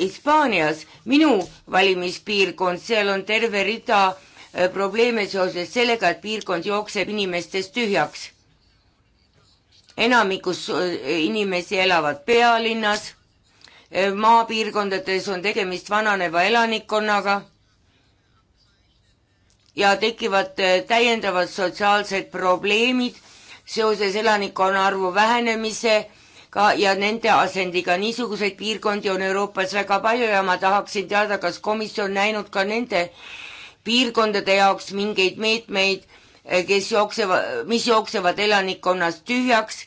Hispaanias, minu valimispiirkond, seal on terve rida probleeme seoses sellega, et piirkond jookseb inimestest tühjaks enamikus eh, inimesi elavad pealinnas, eh, maapiirkondades on tegemist vananeva elanikkonnaga ja tekivad eh, täiendavad sotsiaalsed probleemid seoses elanikkonna arvu vähenemisega ja nende asendiga. niisuguseid piirkondi on Euroopas väga palju ja ma tahaksin teada, kas komisjon näinud ka nende piirkondade jaoks mingeid meetmeid meet Eh, kes jooksevad, mis jooksevad elanikkonnast tühjaks,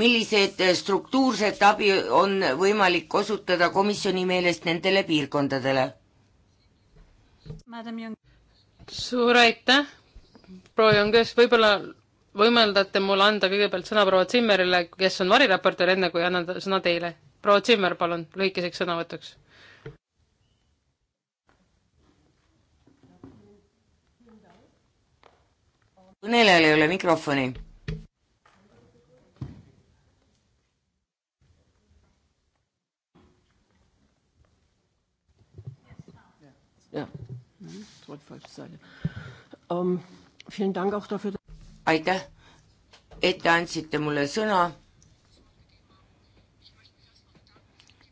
millised eh, struktuurset abi on võimalik osutada komisjoni meelest nendele piirkondadele? suur aitäh, proua Jonges, võib-olla võimaldate mul anda kõigepealt sõna proua Zimmerile, kes on variraportöör, enne kui annan sõna teile. proua Zimmer, palun, lühikeseks sõnavõtuks. kõnelejal ei ole mikrofoni. Ähm, aitäh, et te andsite mulle sõna.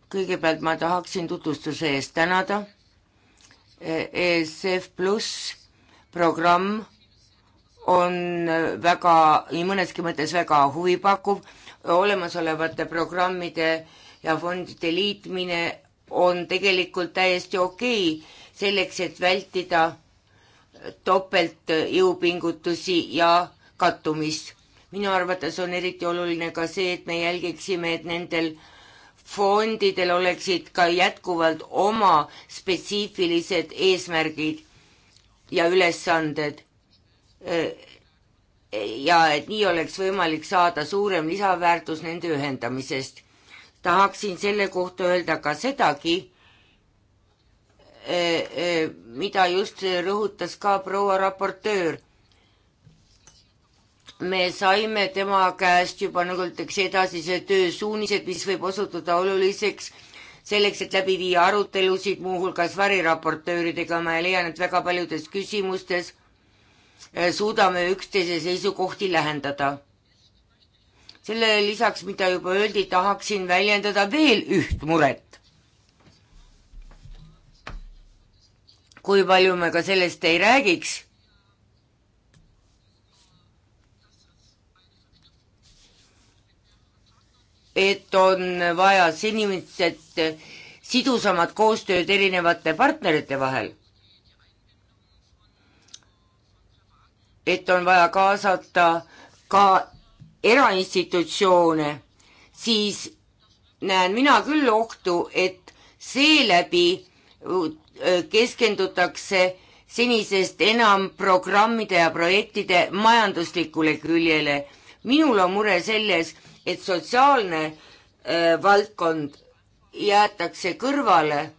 kõigepealt ma tahaksin tutvustuse eest tänada ESF e pluss programm on väga, nii mõneski mõttes väga huvipakkuv, olemasolevate programmide ja fondide liitmine on tegelikult täiesti okei okay, selleks, et vältida topeltjõupingutusi ja kattumist. minu arvates on eriti oluline ka see, et me jälgiksime, et nendel fondidel oleksid ka jätkuvalt oma spetsiifilised eesmärgid ja ülesanded ja et nii oleks võimalik saada suurem lisaväärtus nende ühendamisest. tahaksin selle kohta öelda ka sedagi, eh, eh, mida just rõhutas ka proua raportöör. me saime tema käest juba nagu öeldakse, edasise töö suunised, mis võib osutuda oluliseks selleks, et läbi viia arutelusid, muuhulgas variraportööridega, ma leian, et väga paljudes küsimustes Äh, suudame üksteise seisukohti lähendada. selle lisaks, mida juba öeldi, tahaksin väljendada veel üht muret. kui palju me ka sellest ei räägiks et on vaja senimist sidusamat koostööd erinevate partnerite vahel. et on vaja kaasata ka erainstitutsioone, siis näen mina küll ohtu, et seeläbi äh, keskendutakse senisest enam programmide ja projektide majanduslikule küljele. minul on mure selles, et sotsiaalne äh, valdkond jäetakse kõrvale, äh,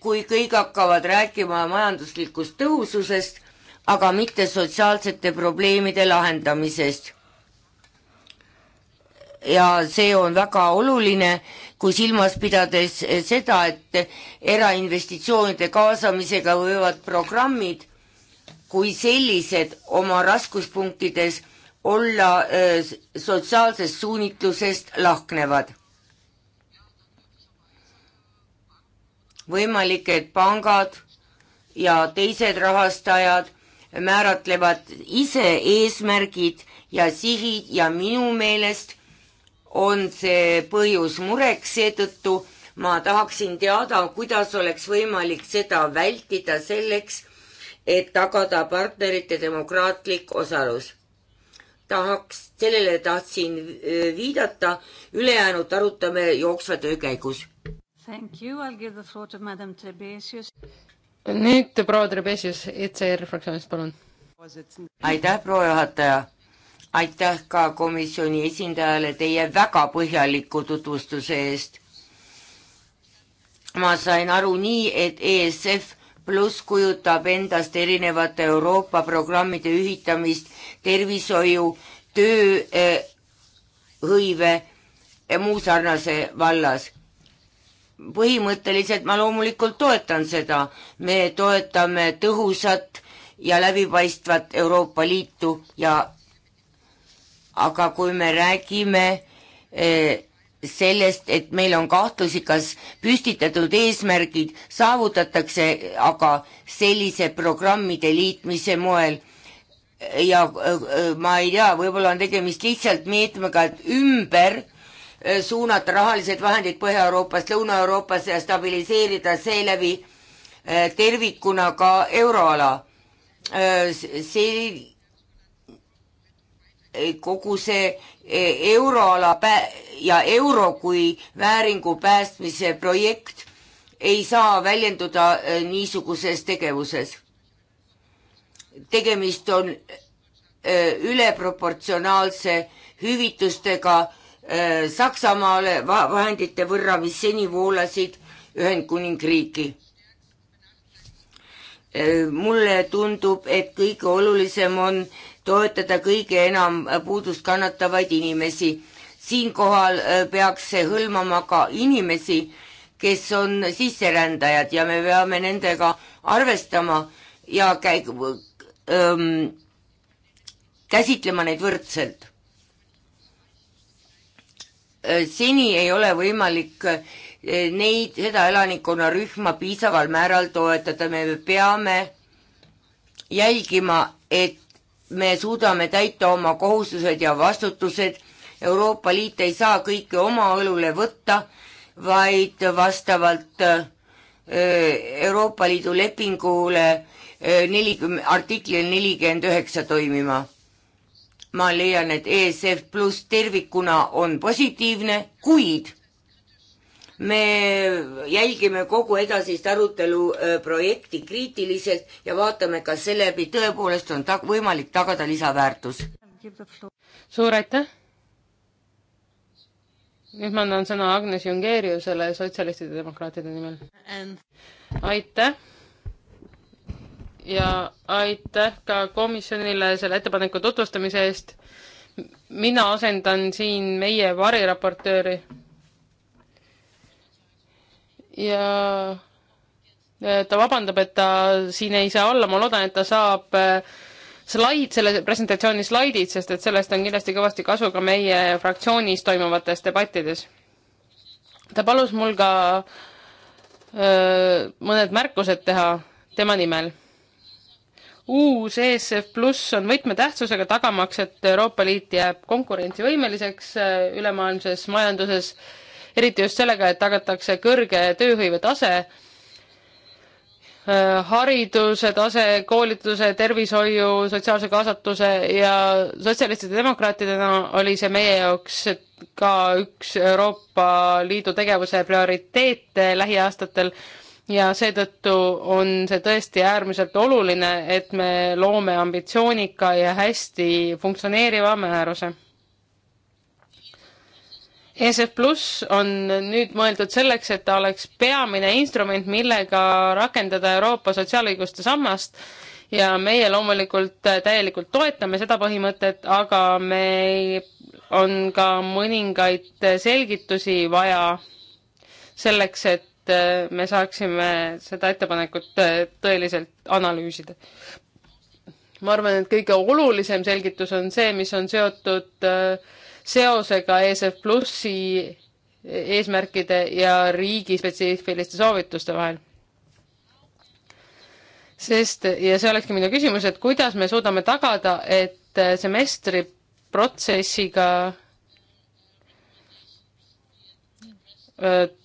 kui kõik hakkavad rääkima majanduslikust tõhususest aga mitte sotsiaalsete probleemide lahendamisest. ja see on väga oluline, kui silmas pidades seda, et erainvestitsioonide kaasamisega võivad programmid kui sellised oma raskuspunktides olla äh, sotsiaalsest suunitlusest lahknevad. võimalik, et pangad ja teised rahastajad määratlevad ise eesmärgid ja sihid ja minu meelest on see põhjus mureks, seetõttu ma tahaksin teada, kuidas oleks võimalik seda vältida selleks, et tagada partnerite demokraatlik osalus. tahaks, sellele tahtsin äh, viidata, ülejäänut arutame jooksva töö käigus. Thank you, I will give the floor to madam Trebesius nüüd proua Trebesius, ECR fraktsioonist, palun. aitäh, proua juhataja. aitäh ka komisjoni esindajale teie väga põhjaliku tutvustuse eest. ma sain aru nii, et ESF pluss kujutab endast erinevate Euroopa programmide ühitamist tervishoiu, tööhõive eh, ja muu sarnase vallas põhimõtteliselt ma loomulikult toetan seda, me toetame tõhusat ja läbipaistvat Euroopa Liitu ja aga kui me räägime eh, sellest, et meil on kahtlusi, kas püstitatud eesmärgid saavutatakse, aga sellise programmide liitmise moel ja eh, eh, ma ei tea, võib-olla on tegemist lihtsalt meetmega, et ümber Äh, suunata rahalised vahendid Põhja-Euroopast Lõuna-Euroopasse ja stabiliseerida seeläbi äh, tervikuna ka euroala. Äh, see, kogu see euroala ja euro kui vääringu päästmise projekt ei saa väljenduda niisuguses tegevuses. tegemist on üleproportsionaalse hüvitustega Äh, Saksamaale vahendite võrra, mis seni voolasid Ühendkuningriiki. Äh, mulle tundub, et kõige olulisem on toetada kõige enam puudust kannatavaid inimesi. siinkohal äh, peaks see hõlmama ka inimesi, kes on sisserändajad ja me peame nendega arvestama ja käi-, ähm, käsitlema neid võrdselt Äh, seni ei ole võimalik äh, neid, seda elanikkonnarühma piisaval määral toetada, me peame jälgima, et me suudame täita oma kohustused ja vastutused. Euroopa Liit ei saa kõike oma õlule võtta, vaid vastavalt äh, Euroopa Liidu lepingule nelikümmend, artiklil nelikümmend üheksa toimima ma leian, et ESF pluss tervikuna on positiivne, kuid me jälgime kogu edasist arutelu äh, projekti kriitiliselt ja vaatame, kas selle läbi tõepoolest on ta võimalik tagada lisaväärtus. suur aitäh! nüüd ma annan sõna Agnes Jungeriusele sotsialistide ja demokraatide nimel. aitäh! ja aitäh ka komisjonile selle ettepaneku tutvustamise eest. mina asendan siin meie variraportööri. ja ta vabandab, et ta siin ei saa olla, ma loodan, et ta saab äh, slaid, selle presentatsiooni slaidid, sest et sellest on kindlasti kõvasti kasu ka meie fraktsioonis toimuvates debattides. ta palus mul ka öö, äh, mõned märkused teha tema nimel uus ESF pluss on võtmetähtsusega tagamaks, et Euroopa Liit jääb konkurentsivõimeliseks äh, ülemaailmses majanduses, eriti just sellega, et tagatakse kõrge tööhõive tase, äh, hariduse tase, koolituse, tervishoiu, sotsiaalse kaasatuse ja sotsialistide demokraatidena oli see meie jaoks ka üks Euroopa Liidu tegevuse prioriteete lähiaastatel ja seetõttu on see tõesti äärmiselt oluline, et me loome ambitsioonika ja hästi funktsioneeriva määruse. ESF pluss on nüüd mõeldud selleks, et ta oleks peamine instrument, millega rakendada Euroopa sotsiaalõiguste sammast ja meie loomulikult täielikult toetame seda põhimõtet, aga me, on ka mõningaid selgitusi vaja selleks, et et äh, me saaksime seda ettepanekut äh, tõeliselt analüüsida. ma arvan, et kõige olulisem selgitus on see, mis on seotud äh, seosega ESF Plussi eesmärkide ja riigispetsiifiliste soovituste vahel. sest, ja see olekski minu küsimus, et kuidas me suudame tagada, et semestri protsessiga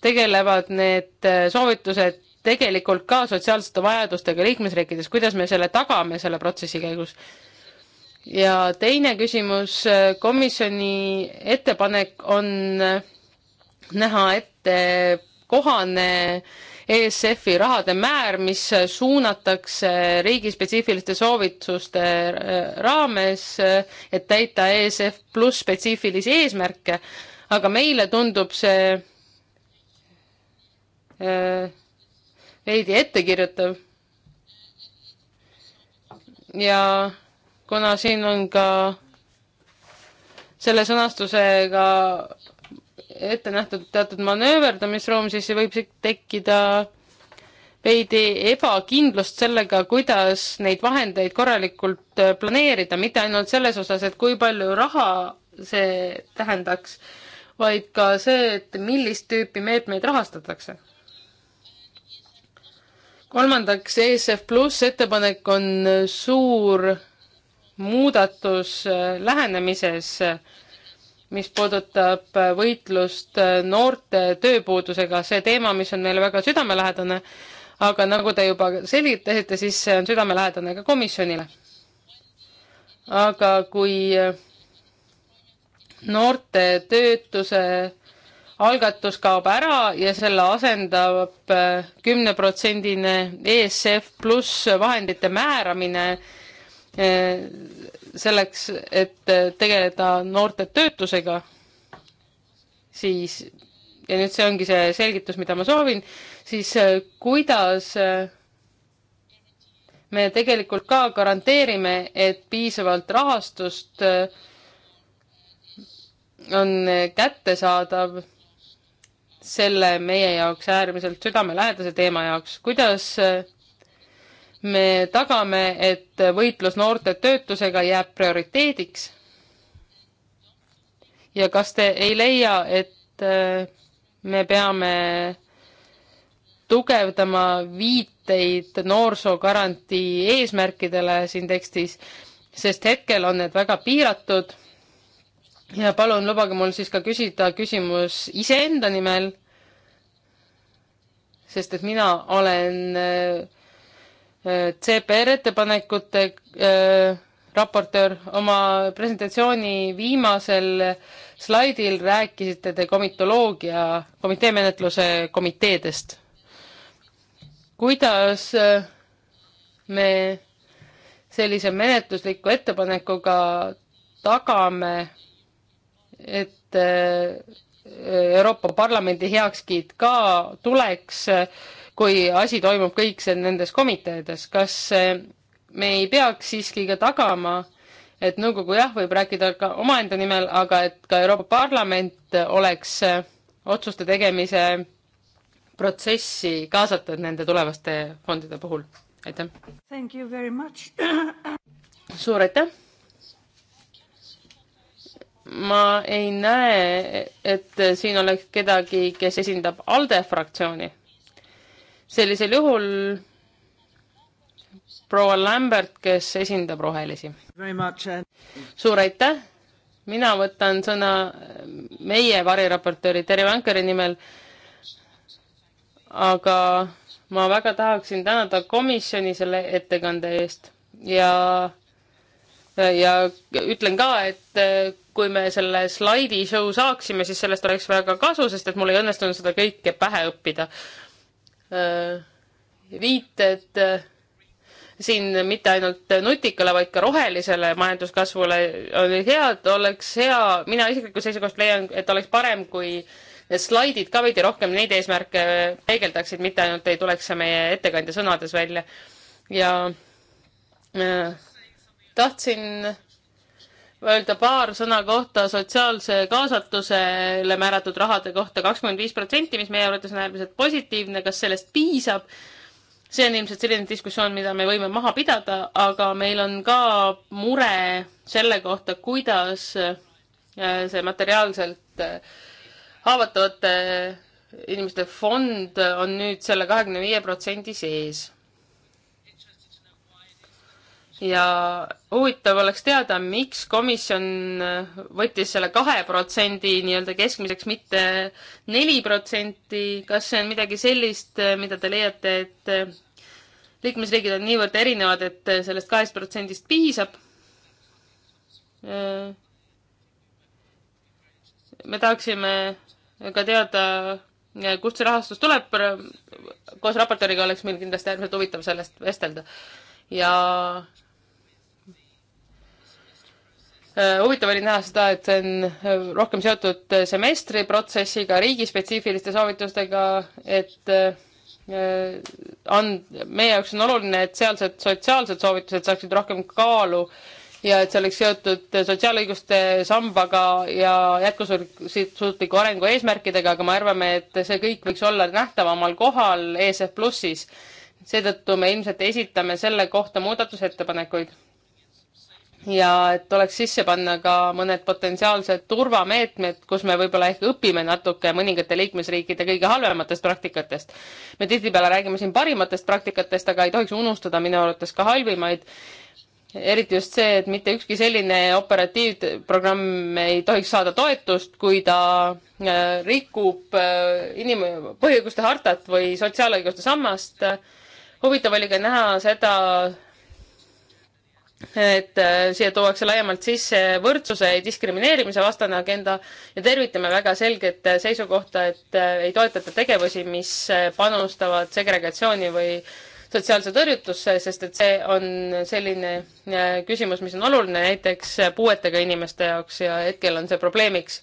tegelevad need soovitused tegelikult ka sotsiaalsete vajadustega liikmesriikides, kuidas me selle tagame selle protsessi käigus? ja teine küsimus, komisjoni ettepanek on näha ette kohane ESF-i rahade määr, mis suunatakse riigispetsiifiliste soovituste raames, et täita ESF pluss spetsiifilisi eesmärke, aga meile tundub see veidi äh, ettekirjutav. ja kuna siin on ka selle sõnastusega ette nähtud teatud manööverdamisruum, siis võib tekkida veidi ebakindlust sellega, kuidas neid vahendeid korralikult äh, planeerida, mitte ainult selles osas, et kui palju raha see tähendaks, vaid ka see, et millist tüüpi meetmeid rahastatakse kolmandaks, ESF pluss ettepanek on suur muudatus äh, lähenemises, äh, mis puudutab äh, võitlust noorte tööpuudusega, see teema, mis on meile väga südamelähedane, aga nagu te juba selgitasite, siis see on südamelähedane ka komisjonile. aga kui noorte töötuse algatus kaob ära ja selle asendab äh, kümneprotsendine ESF pluss vahendite määramine äh, selleks, et äh, tegeleda noorte töötusega, siis ja nüüd see ongi see selgitus, mida ma soovin, siis kuidas me tegelikult ka garanteerime, et piisavalt rahastust on kättesaadav selle meie jaoks äärmiselt südamelähedase teema jaoks, kuidas äh, me tagame, et võitlus noorte töötusega jääb prioriteediks? ja kas te ei leia, et äh, me peame tugevdama viiteid noorsoogarantii eesmärkidele siin tekstis, sest hetkel on need väga piiratud ja palun lubage mul siis ka küsida küsimus iseenda nimel, sest et mina olen äh, äh, CPR ettepanekute äh, raportöör, oma presentatsiooni viimasel slaidil rääkisite te komitoloogia, komitee menetluse komiteedest. kuidas me sellise menetlusliku ettepanekuga tagame et äh, Euroopa Parlamendi heakskiit ka tuleks, kui asi toimub kõik nendes komiteedes, kas äh, me ei peaks siiski ka tagama, et nõukogu jah, võib rääkida ka omaenda nimel, aga et ka Euroopa Parlament oleks äh, otsuste tegemise protsessi kaasatud nende tulevaste fondide puhul. aitäh! suur aitäh! ma ei näe, et siin oleks kedagi, kes esindab ALDE fraktsiooni. sellisel juhul proua Lambert, kes esindab Rohelisi. Uh, suur aitäh, mina võtan sõna meie variraportööri Terje Vankeri nimel, aga ma väga tahaksin tänada komisjoni selle ettekande eest ja ja ütlen ka, et kui me selle slaidishow saaksime, siis sellest oleks väga kasu, sest et mul ei õnnestunud seda kõike pähe õppida. Äh, viited äh, siin mitte ainult nutikale, vaid ka rohelisele majanduskasvule oli head, oleks hea, mina isiklikust seisukohast leian, et oleks parem, kui need slaidid ka veidi rohkem neid eesmärke peegeldaksid, mitte ainult ei tuleks see meie ettekandja sõnades välja. ja äh, tahtsin öelda paar sõna kohta sotsiaalse kaasatusele määratud rahade kohta, kakskümmend viis protsenti, mis meie arvates on äärmiselt positiivne, kas sellest piisab? see on ilmselt selline diskussioon, mida me võime maha pidada, aga meil on ka mure selle kohta, kuidas äh, see materiaalselt äh, haavatavate inimeste fond on nüüd selle kahekümne viie protsendi sees ja huvitav oleks teada, miks komisjon äh, võttis selle kahe protsendi nii-öelda keskmiseks, mitte neli protsenti, kas see on midagi sellist, äh, mida te leiate, et äh, liikmesriigid on niivõrd erinevad, et sellest kahest protsendist piisab? me tahaksime ka teada, kust see rahastus tuleb, koos raportööriga oleks meil kindlasti äärmiselt huvitav sellest vestelda ja Äh, huvitav oli näha seda, et see on äh, rohkem seotud äh, semestriprotsessiga, riigispetsiifiliste soovitustega, et on, meie jaoks on oluline, et sealsed sotsiaalsed soovitused saaksid rohkem kaalu ja et see oleks seotud sotsiaalõiguste sambaga ja jätkusuutliku arengu eesmärkidega, aga me arvame, et see kõik võiks olla nähtavamal kohal ESF Plussis. seetõttu me ilmselt esitame selle kohta muudatusettepanekuid ja et oleks sisse panna ka mõned potentsiaalsed turvameetmed, kus me võib-olla ehk õpime natuke mõningate liikmesriikide kõige halvematest praktikatest. me tihtipeale räägime siin parimatest praktikatest, aga ei tohiks unustada minu arvates ka halvimaid. eriti just see, et mitte ükski selline operatiivprogramm ei tohiks saada toetust, kui ta äh, rikub äh, inim-, põhiõiguste hartat või sotsiaalõiguste sammast huvitav oli ka näha seda et äh, siia tuuakse laiemalt sisse võrdsuse ja diskrimineerimise vastane agenda ja tervitame väga selget äh, seisukohta, et äh, ei toetata tegevusi, mis panustavad segregatsiooni või sotsiaalse tõrjutusse, sest et see on selline küsimus, mis on oluline näiteks puuetega inimeste jaoks ja hetkel on see probleemiks.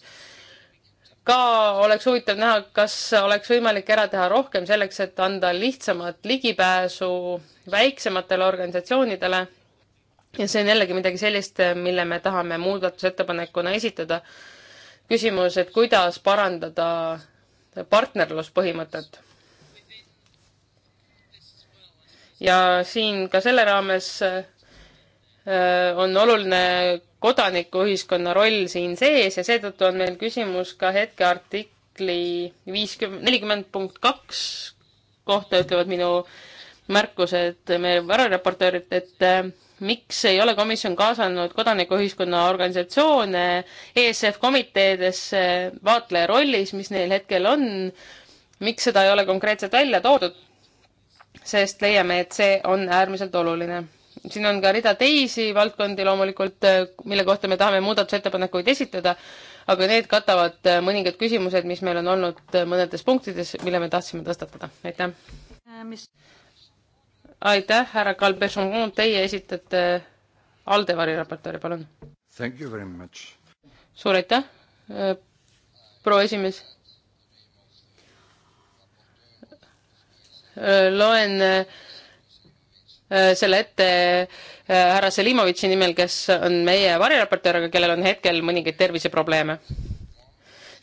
ka oleks huvitav näha, kas oleks võimalik ära teha rohkem selleks, et anda lihtsamat ligipääsu väiksematele organisatsioonidele ja see on jällegi midagi sellist, mille me tahame muudatusettepanekuna esitada. küsimus, et kuidas parandada partnerluspõhimõtet. ja siin ka selle raames äh, on oluline kodanikuühiskonna roll siin sees ja seetõttu on meil küsimus ka hetke artikli viiskümmend, nelikümmend punkt kaks kohta ütlevad minu märkused meie vararaportöörid, et äh, miks ei ole komisjon kaasanud kodanikuühiskonna organisatsioone ESF komiteedesse vaatleja rollis, mis neil hetkel on, miks seda ei ole konkreetselt välja toodud, sest leiame, et see on äärmiselt oluline. siin on ka rida teisi valdkondi loomulikult, mille kohta me tahame muudatusettepanekuid esitada, aga need katavad mõningad küsimused, mis meil on olnud mõnedes punktides, mille me tahtsime tõstatada. aitäh! Äh, mis aitäh, härra Kalbešon, teie esitate Alde variraportööri, palun. suur aitäh, äh, proua esimees. Äh, loen äh, selle ette härra Selimovitši nimel, kes on meie variraportöör, aga kellel on hetkel mõningaid terviseprobleeme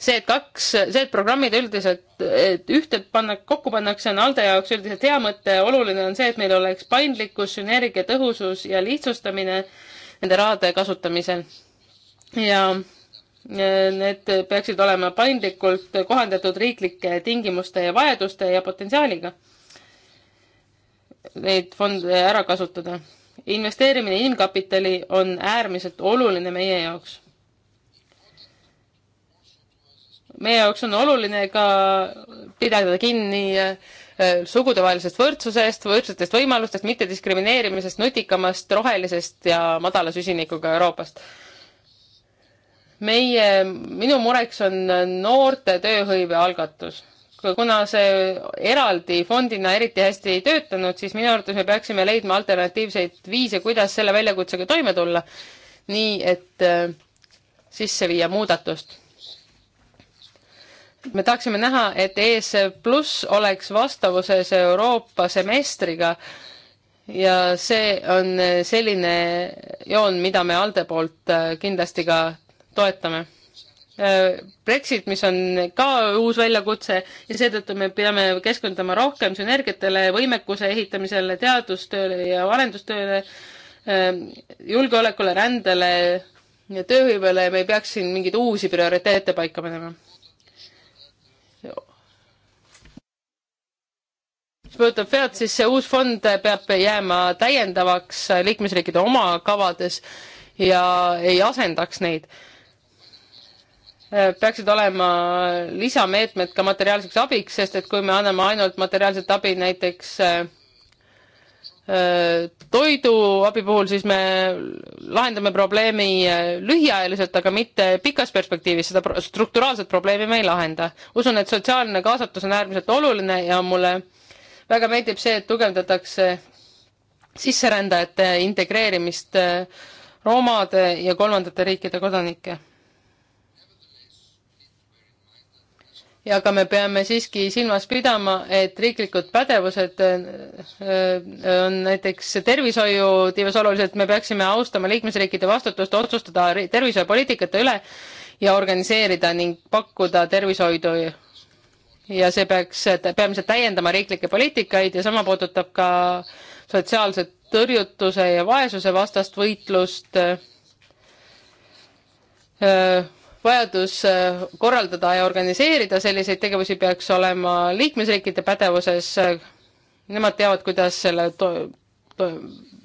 see, et kaks, see, et programmid üldiselt, et ühte panna, kokku pannakse, on ALDE jaoks üldiselt hea mõte. oluline on see, et meil oleks paindlikkus, sünergia, tõhusus ja lihtsustamine nende rahade kasutamisel. ja need peaksid olema paindlikult kohandatud riiklike tingimuste ja vajaduste ja potentsiaaliga neid fonde ära kasutada. investeerimine inimkapitali on äärmiselt oluline meie jaoks meie jaoks on oluline ka pidada kinni äh, sugudevahelisest võrdsusest, võrdsetest võimalustest, mittediskrimineerimisest, nutikamast, rohelisest ja madala süsinikuga Euroopast. meie, minu mureks on noorte tööhõive algatus. kuna see eraldi fondina eriti hästi ei töötanud, siis minu arvates me peaksime leidma alternatiivseid viise, kuidas selle väljakutsega toime tulla, nii et äh, sisse viia muudatust me tahaksime näha, et ES pluss oleks vastavuses Euroopa semestriga ja see on selline joon, mida me ALDE poolt äh, kindlasti ka toetame. Äh, Brexit, mis on ka uus väljakutse ja seetõttu me peame keskenduma rohkem sünergiatele, võimekuse ehitamisele, teadustööle ja arendustööle, äh, julgeolekule, rändele ja tööhõivele, me ei peaks siin mingeid uusi prioriteete paika panema mis puudutab FEAD, siis see uus fond peab jääma täiendavaks liikmesriikide oma kavades ja ei asendaks neid. peaksid olema lisameetmed ka materiaalseks abiks, sest et kui me anname ainult materiaalset abi näiteks äh, toiduabi puhul, siis me lahendame probleemi äh, lühiajaliselt, aga mitte pikas perspektiivis, seda strukturaalset probleemi me ei lahenda. usun, et sotsiaalne kaasatus on äärmiselt oluline ja mulle äh, väga meeldib see, et tugevdatakse sisserändajate integreerimist äh, romade ja kolmandate riikide kodanikke. ja aga me peame siiski silmas pidama, et riiklikud pädevused äh, äh, on näiteks tervishoiu tiivas oluliselt, me peaksime austama liikmesriikide vastutust otsustada tervishoiupoliitikate üle ja organiseerida ning pakkuda tervishoidu ja see peaks peamiselt täiendama riiklikke poliitikaid ja sama puudutab ka sotsiaalse tõrjutuse ja vaesuse vastast võitlust. vajadus korraldada ja organiseerida selliseid tegevusi peaks olema liikmesriikide pädevuses. Nemad teavad, kuidas selle to to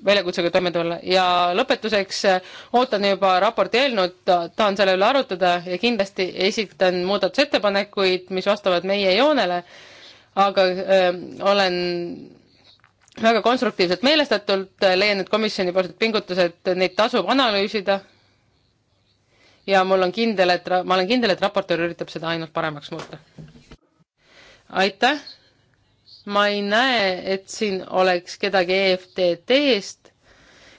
väljakutsega toime tulla ja lõpetuseks äh, ootan juba raporti eelnõud ta,, tahan selle üle arutada ja kindlasti esitan muudatusettepanekuid, mis vastavad meie joonele, aga öö, äh, olen väga konstruktiivselt meelestatult, äh, leian, et komisjonipoolsed pingutused, neid tasub analüüsida. ja mul on kindel, et ma olen kindel, et raportöör üritab seda ainult paremaks muuta. aitäh ma ei näe, et siin oleks kedagi EFTT-st,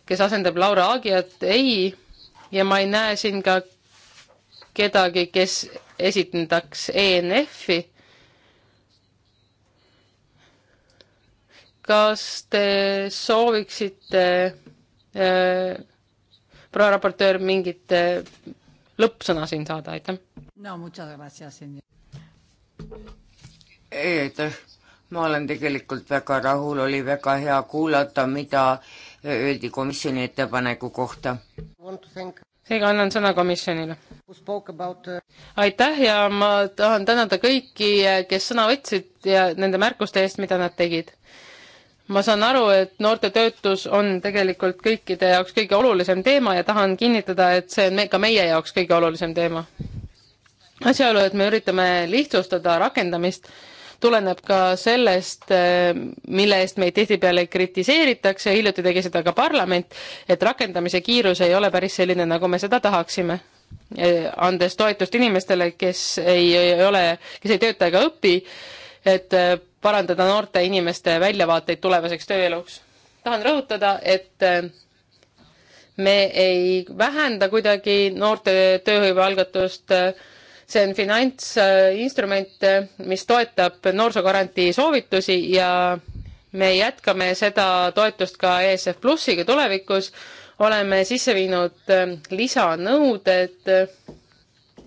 kes asendab Laura Aagiat, ei, ja ma ei näe siin ka kedagi, kes esindaks ENF-i. kas te sooviksite äh,, proua raportöör, mingit äh, lõppsõna siin saada, aitäh! no muchas gracias, senor. aitäh ma olen tegelikult väga rahul, oli väga hea kuulata, mida öeldi komisjoni ettepaneku kohta. seega annan sõna komisjonile. Uh, aitäh ja ma tahan tänada kõiki, eh, kes sõna võtsid ja nende märkuste eest, mida nad tegid. ma saan aru, et noorte töötus on tegelikult kõikide jaoks kõige olulisem teema ja tahan kinnitada, et see on ka meie jaoks kõige olulisem teema. asjaolu, et me üritame lihtsustada rakendamist tuleneb ka sellest, eh, mille eest meid tihtipeale kritiseeritakse, hiljuti tegi seda ka parlament, et rakendamise kiirus ei ole päris selline, nagu me seda tahaksime eh, andes toetust inimestele, kes ei, ei ole, kes ei tööta ega õpi, et eh, parandada noorte inimeste väljavaateid tulevaseks tööeluks. tahan rõhutada, et me ei vähenda kuidagi noorte tööhõivealgatust äh, see on finantsinstrument, mis toetab noorsoogarantii soovitusi ja me jätkame seda toetust ka ESF Plussiga tulevikus. oleme sisse viinud äh, lisanõuded äh,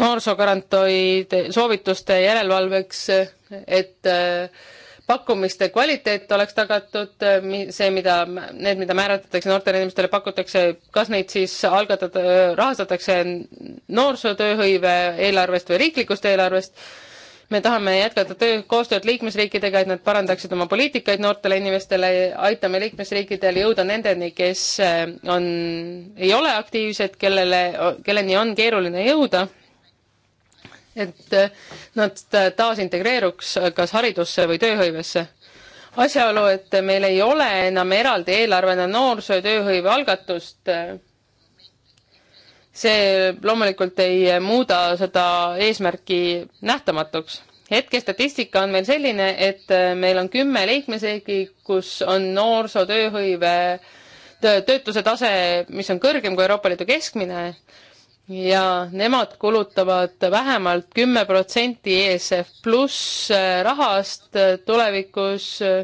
noorsoogarantii soovituste järelevalveks, äh, et äh, pakkumiste kvaliteet oleks tagatud, see, mida, need, mida määratletakse noortele inimestele, pakutakse, kas neid siis algatada, rahastatakse noorsootööhõive eelarvest või riiklikust eelarvest. me tahame jätkata töö, koostööd liikmesriikidega, et nad parandaksid oma poliitikaid noortele inimestele, aitame liikmesriikidel jõuda nendeni, kes eh, on, ei ole aktiivsed, kellele, kelleni on keeruline jõuda et eh, nad taasintegreeruks kas haridusse või tööhõivesse. asjaolu, et meil ei ole enam eraldi eelarvena noorsoo- ja tööhõive algatust, eh, see loomulikult ei muuda seda eesmärki nähtamatuks. hetkestatistika on meil selline, et eh, meil on kümme liikmesriigi, kus on noorsoo tööhõive töötuse tase, mis on kõrgem kui Euroopa Liidu keskmine ja nemad kulutavad vähemalt kümme protsenti ESF pluss äh, rahast äh, tulevikus, äh,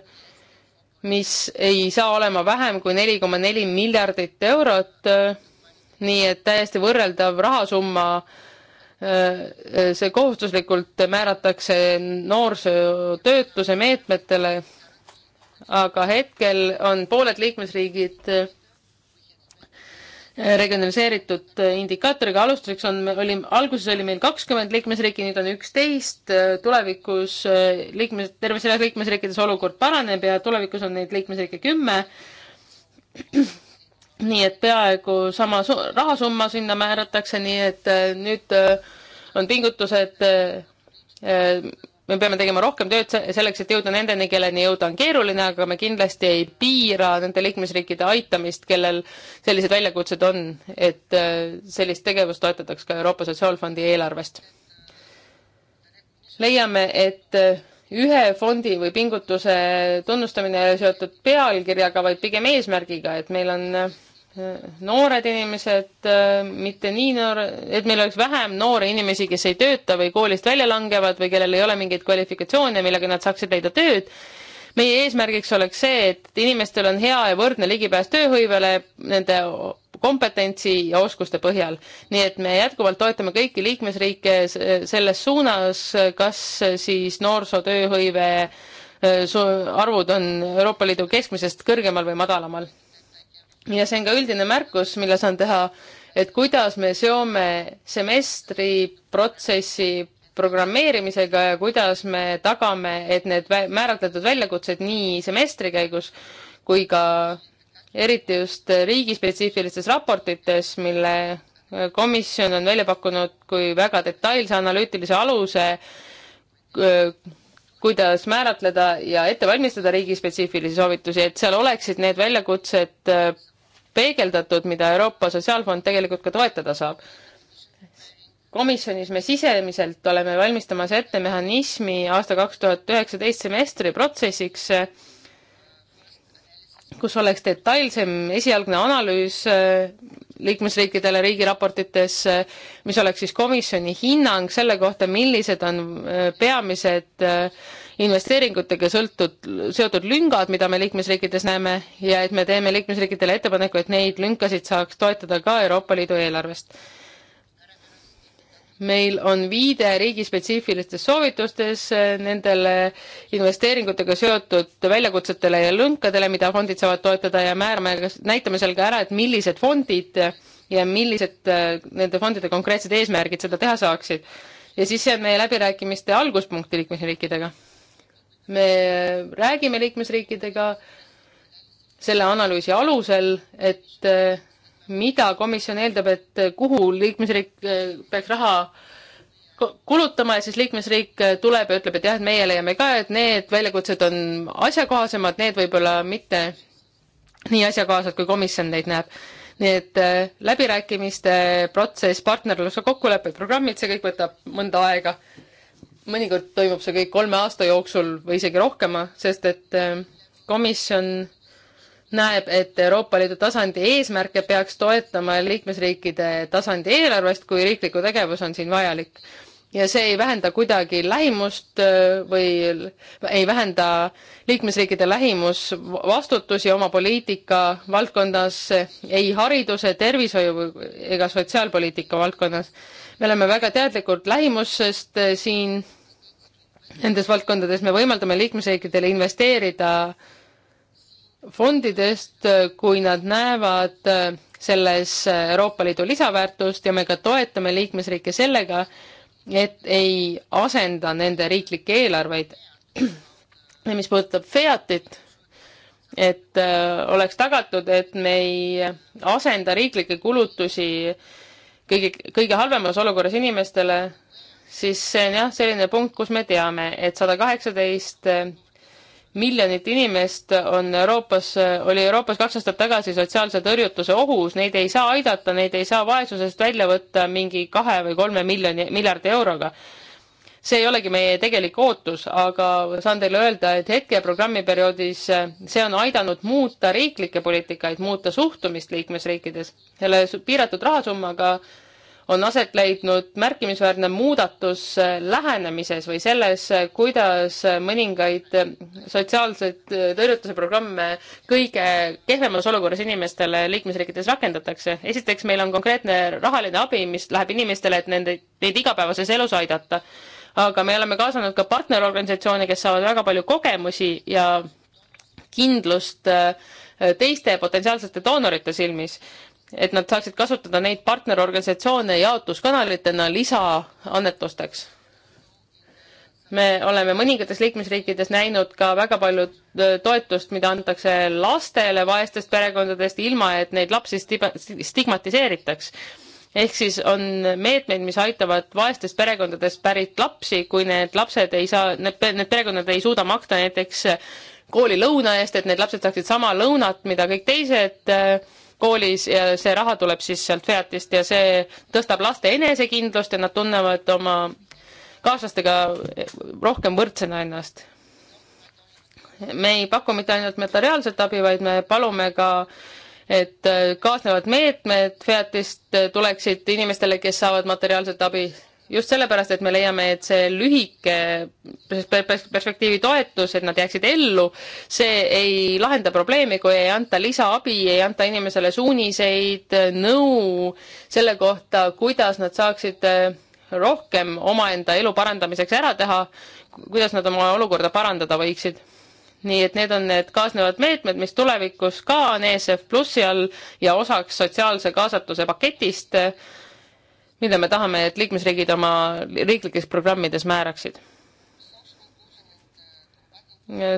mis ei saa olema vähem kui neli koma neli miljardit eurot. nii et täiesti võrreldav rahasumma, see kohustuslikult määratakse noorsootöötluse meetmetele, aga hetkel on pooled liikmesriigid regionaliseeritud indikaatoriga, alustuseks on, oli, alguses oli meil kakskümmend liikmesriiki, nüüd on üksteist, tulevikus eh, liikmes, terves reas liikmesriikides olukord paraneb ja tulevikus on neid liikmesriike kümme. nii et peaaegu sama rahasumma sinna määratakse, nii et eh, nüüd eh, on pingutused me peame tegema rohkem tööd selleks, et jõuda nendeni, kelleni jõuda on keeruline, aga me kindlasti ei piira nende liikmesriikide aitamist, kellel sellised väljakutsed on, et äh, sellist tegevust toetataks ka Euroopa Sotsiaalfondi eelarvest. leiame, et äh, ühe fondi või pingutuse tunnustamine ei ole seotud pealkirjaga, vaid pigem eesmärgiga, et meil on äh, noored inimesed, äh, mitte nii noor, et meil oleks vähem noori inimesi, kes ei tööta või koolist välja langevad või kellel ei ole mingeid kvalifikatsioone, millega nad saaksid leida tööd. meie eesmärgiks oleks see, et inimestel on hea ja võrdne ligipääs tööhõivele nende kompetentsi ja oskuste põhjal. nii et me jätkuvalt toetame kõiki liikmesriike selles suunas, kas siis noorsootööhõive äh, arvud on Euroopa Liidu keskmisest kõrgemal või madalamal ja see on ka üldine märkus, mille saan teha, et kuidas me seome semestri protsessi programmeerimisega ja kuidas me tagame, et need määratletud väljakutsed nii semestri käigus kui ka eriti just riigispetsiifilistes raportites, mille komisjon on välja pakkunud kui väga detailse analüütilise aluse, kuidas määratleda ja ette valmistada riigispetsiifilisi soovitusi, et seal oleksid need väljakutsed peegeldatud, mida Euroopa Sotsiaalfond tegelikult ka toetada saab. komisjonis me sisemiselt oleme valmistamas ette mehhanismi aasta kaks tuhat üheksateist semestri protsessiks kus oleks detailsem esialgne analüüs äh, liikmesriikidele riigiraportites, äh, mis oleks siis komisjoni hinnang selle kohta, millised on äh, peamised investeeringutega sõltud, seotud lüngad, mida me liikmesriikides näeme ja et me teeme liikmesriikidele ettepaneku, et neid lünkasid saaks toetada ka Euroopa Liidu eelarvest meil on viide riigispetsiifilistes soovitustes eh, nendele investeeringutega seotud väljakutsetele ja lünkadele, mida fondid saavad toetada ja määrame, näitame seal ka ära, et millised fondid ja millised eh, nende fondide konkreetsed eesmärgid seda teha saaksid. ja siis see on meie läbirääkimiste alguspunkti liikmesriikidega. me räägime liikmesriikidega selle analüüsi alusel, et eh, mida komisjon eeldab, et kuhu liikmesriik eh, peaks raha kulutama ja siis liikmesriik eh, tuleb ja ütleb, et jah, et meie leiame ka, et need väljakutsed on asjakohasemad, need võib-olla mitte nii asjakohased, kui komisjon neid näeb. nii et eh, läbirääkimiste protsess, partnerluse kokkulepped, programmid, see kõik võtab mõnda aega. mõnikord toimub see kõik kolme aasta jooksul või isegi rohkema, sest et komisjon näeb, et Euroopa Liidu tasandi eesmärke peaks toetama liikmesriikide tasandi eelarvest, kui riiklikku tegevus on siin vajalik. ja see ei vähenda kuidagi lähimust äh, või ei vähenda liikmesriikide lähimusvastutusi oma poliitika valdkondas, ei hariduse, tervishoiu ega sotsiaalpoliitika valdkonnas. me oleme väga teadlikud lähimusest äh, siin nendes valdkondades, me võimaldame liikmesriikidele investeerida äh, fondidest, kui nad näevad äh, selles Euroopa Liidu lisaväärtust ja me ka toetame liikmesriike sellega, et ei asenda nende riiklikke eelarveid. ja mis puudutab FEAT-it, et äh, oleks tagatud, et me ei asenda riiklikke kulutusi kõige, kõige halvemas olukorras inimestele, siis see on jah, selline punkt, kus me teame, et sada kaheksateist miljonit inimest on Euroopas, oli Euroopas kaks aastat tagasi sotsiaalse tõrjutuse ohus, neid ei saa aidata, neid ei saa vaesusest välja võtta mingi kahe või kolme miljoni, miljardi euroga. see ei olegi meie tegelik ootus, aga saan teile öelda, et hetke programmiperioodis see on aidanud muuta riiklikke poliitikaid, muuta suhtumist liikmesriikides. selle piiratud rahasummaga on aset leidnud märkimisväärne muudatus äh, lähenemises või selles, äh, kuidas äh, mõningaid sotsiaalseid tõrjutuse programme kõige kehvemas olukorras inimestele liikmesriikides rakendatakse. esiteks, meil on konkreetne rahaline abi, mis läheb inimestele, et nende, neid igapäevases elus aidata. aga me oleme kaasanud ka partnerorganisatsioone, kes saavad väga palju kogemusi ja kindlust teiste potentsiaalsete doonorite silmis et nad saaksid kasutada neid partnerorganisatsioone jaotuskanalitena lisaannetusteks. me oleme mõningates liikmesriikides näinud ka väga palju äh, toetust, mida antakse lastele vaestest perekondadest, ilma et neid lapsi stigmatiseeritaks. ehk siis on meetmeid, mis aitavad vaestest perekondadest pärit lapsi, kui need lapsed ei saa, need perekonnad ei suuda maksta näiteks koolilõuna eest, et need lapsed saaksid sama lõunat, mida kõik teised äh, koolis ja see raha tuleb siis sealt FEATist ja see tõstab laste enesekindlust ja nad tunnevad oma kaaslastega rohkem võrdsena ennast. me ei paku mitte ainult materiaalset abi, vaid me palume ka et kaasnevad meetmed FEATist tuleksid inimestele, kes saavad materiaalset abi, just sellepärast, et me leiame, et see lühike perspektiivi toetus, et nad jääksid ellu, see ei lahenda probleemi, kui ei anta lisaabi, ei anta inimesele suuniseid, nõu selle kohta, kuidas nad saaksid äh, rohkem omaenda elu parandamiseks ära teha, kuidas nad oma olukorda parandada võiksid. nii et need on need kaasnevad meetmed, mis tulevikus ka on ESF Plussi all ja osaks sotsiaalse kaasatuse paketist mida me tahame, et liikmesriigid oma riiklikes programmides määraksid.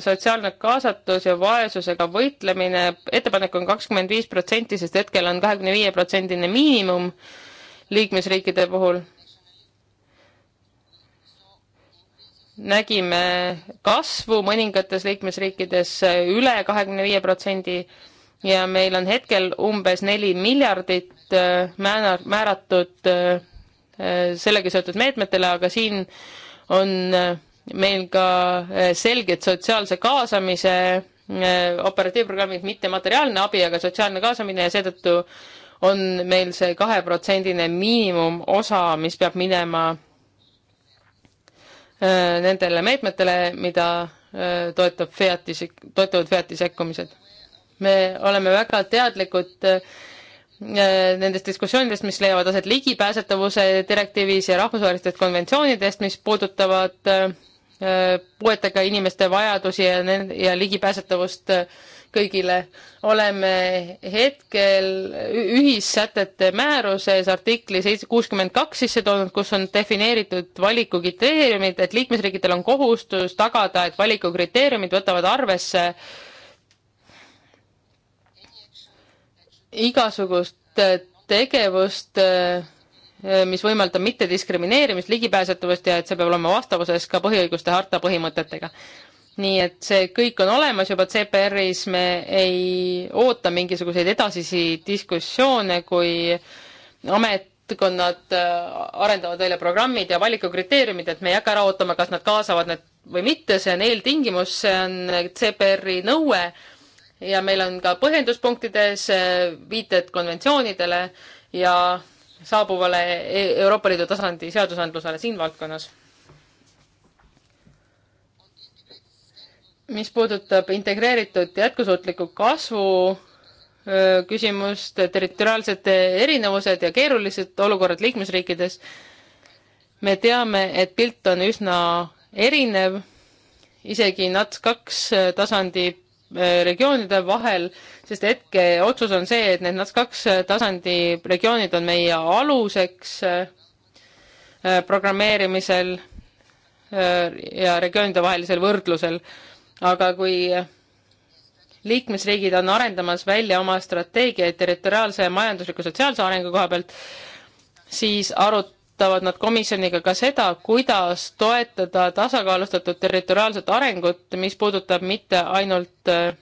sotsiaalne kaasatus ja vaesusega võitlemine, ettepanek on kakskümmend viis protsenti, sest hetkel on kahekümne viie protsendine miinimum liikmesriikide puhul nägime kasvu mõningates liikmesriikides üle kahekümne viie protsendi ja meil on hetkel umbes neli miljardit selgelt äh, määra-, määratud äh, äh, sellega seotud meetmetele, aga siin on meil ka selged sotsiaalse kaasamise operatiivprogrammid, mitte materiaalne abi, aga sotsiaalne kaasamine ja seetõttu on meil see kaheprotsendine miinimumosa, mis peab minema nendele meetmetele, mida toetab FIAT-i, toetavad FIAT-i sekkumised. me oleme väga teadlikud Äh, nendest diskussioonidest, mis leiavad aset ligipääsetavuse direktiivis ja rahvusvahelistest konventsioonidest, mis puudutavad äh, puuetega inimeste vajadusi ja, ja ligipääsetavust äh, kõigile. oleme hetkel ühissätete määruses artikli kuuskümmend kaks sisse toonud, kus on defineeritud valikukriteeriumid, et liikmesriikidel on kohustus tagada, et valikukriteeriumid võtavad arvesse äh, igasugust äh, tegevust, äh, äh, mis võimaldab mittediskrimineerimist, ligipääsetavust ja et see peab olema vastavuses ka põhiõiguste harta põhimõtetega. nii et see kõik on olemas juba CPR-is, me ei oota mingisuguseid edasisi diskussioone, kui ametkonnad arendavad välja programmid ja valikukriteeriumid, et me ei hakka ära ootama, kas nad kaasavad need või mitte, see on eeltingimus, see on CPR-i nõue ja meil on ka põhjenduspunktides äh, viited konventsioonidele ja saabuvale e-, Euroopa Liidu tasandi seadusandlusele siin valdkonnas. mis puudutab integreeritud jätkusuutliku kasvu äh, küsimust, territoriaalsed erinevused ja keerulised olukorrad liikmesriikides, me teame, et pilt on üsna erinev, isegi NATS kaks äh, tasandi Äh, regioonide vahel, sest hetkeotsus on see, et need NATS kaks tasandi regioonid on meie aluseks äh, programmeerimisel äh, ja regioonide vahelisel võrdlusel. aga kui liikmesriigid on arendamas välja oma strateegiaid territoriaalse, majandusliku, sotsiaalse arengu koha pealt, siis arut-, arutavad nad komisjoniga ka seda, kuidas toetada tasakaalustatud territoriaalset arengut, mis puudutab mitte ainult eh,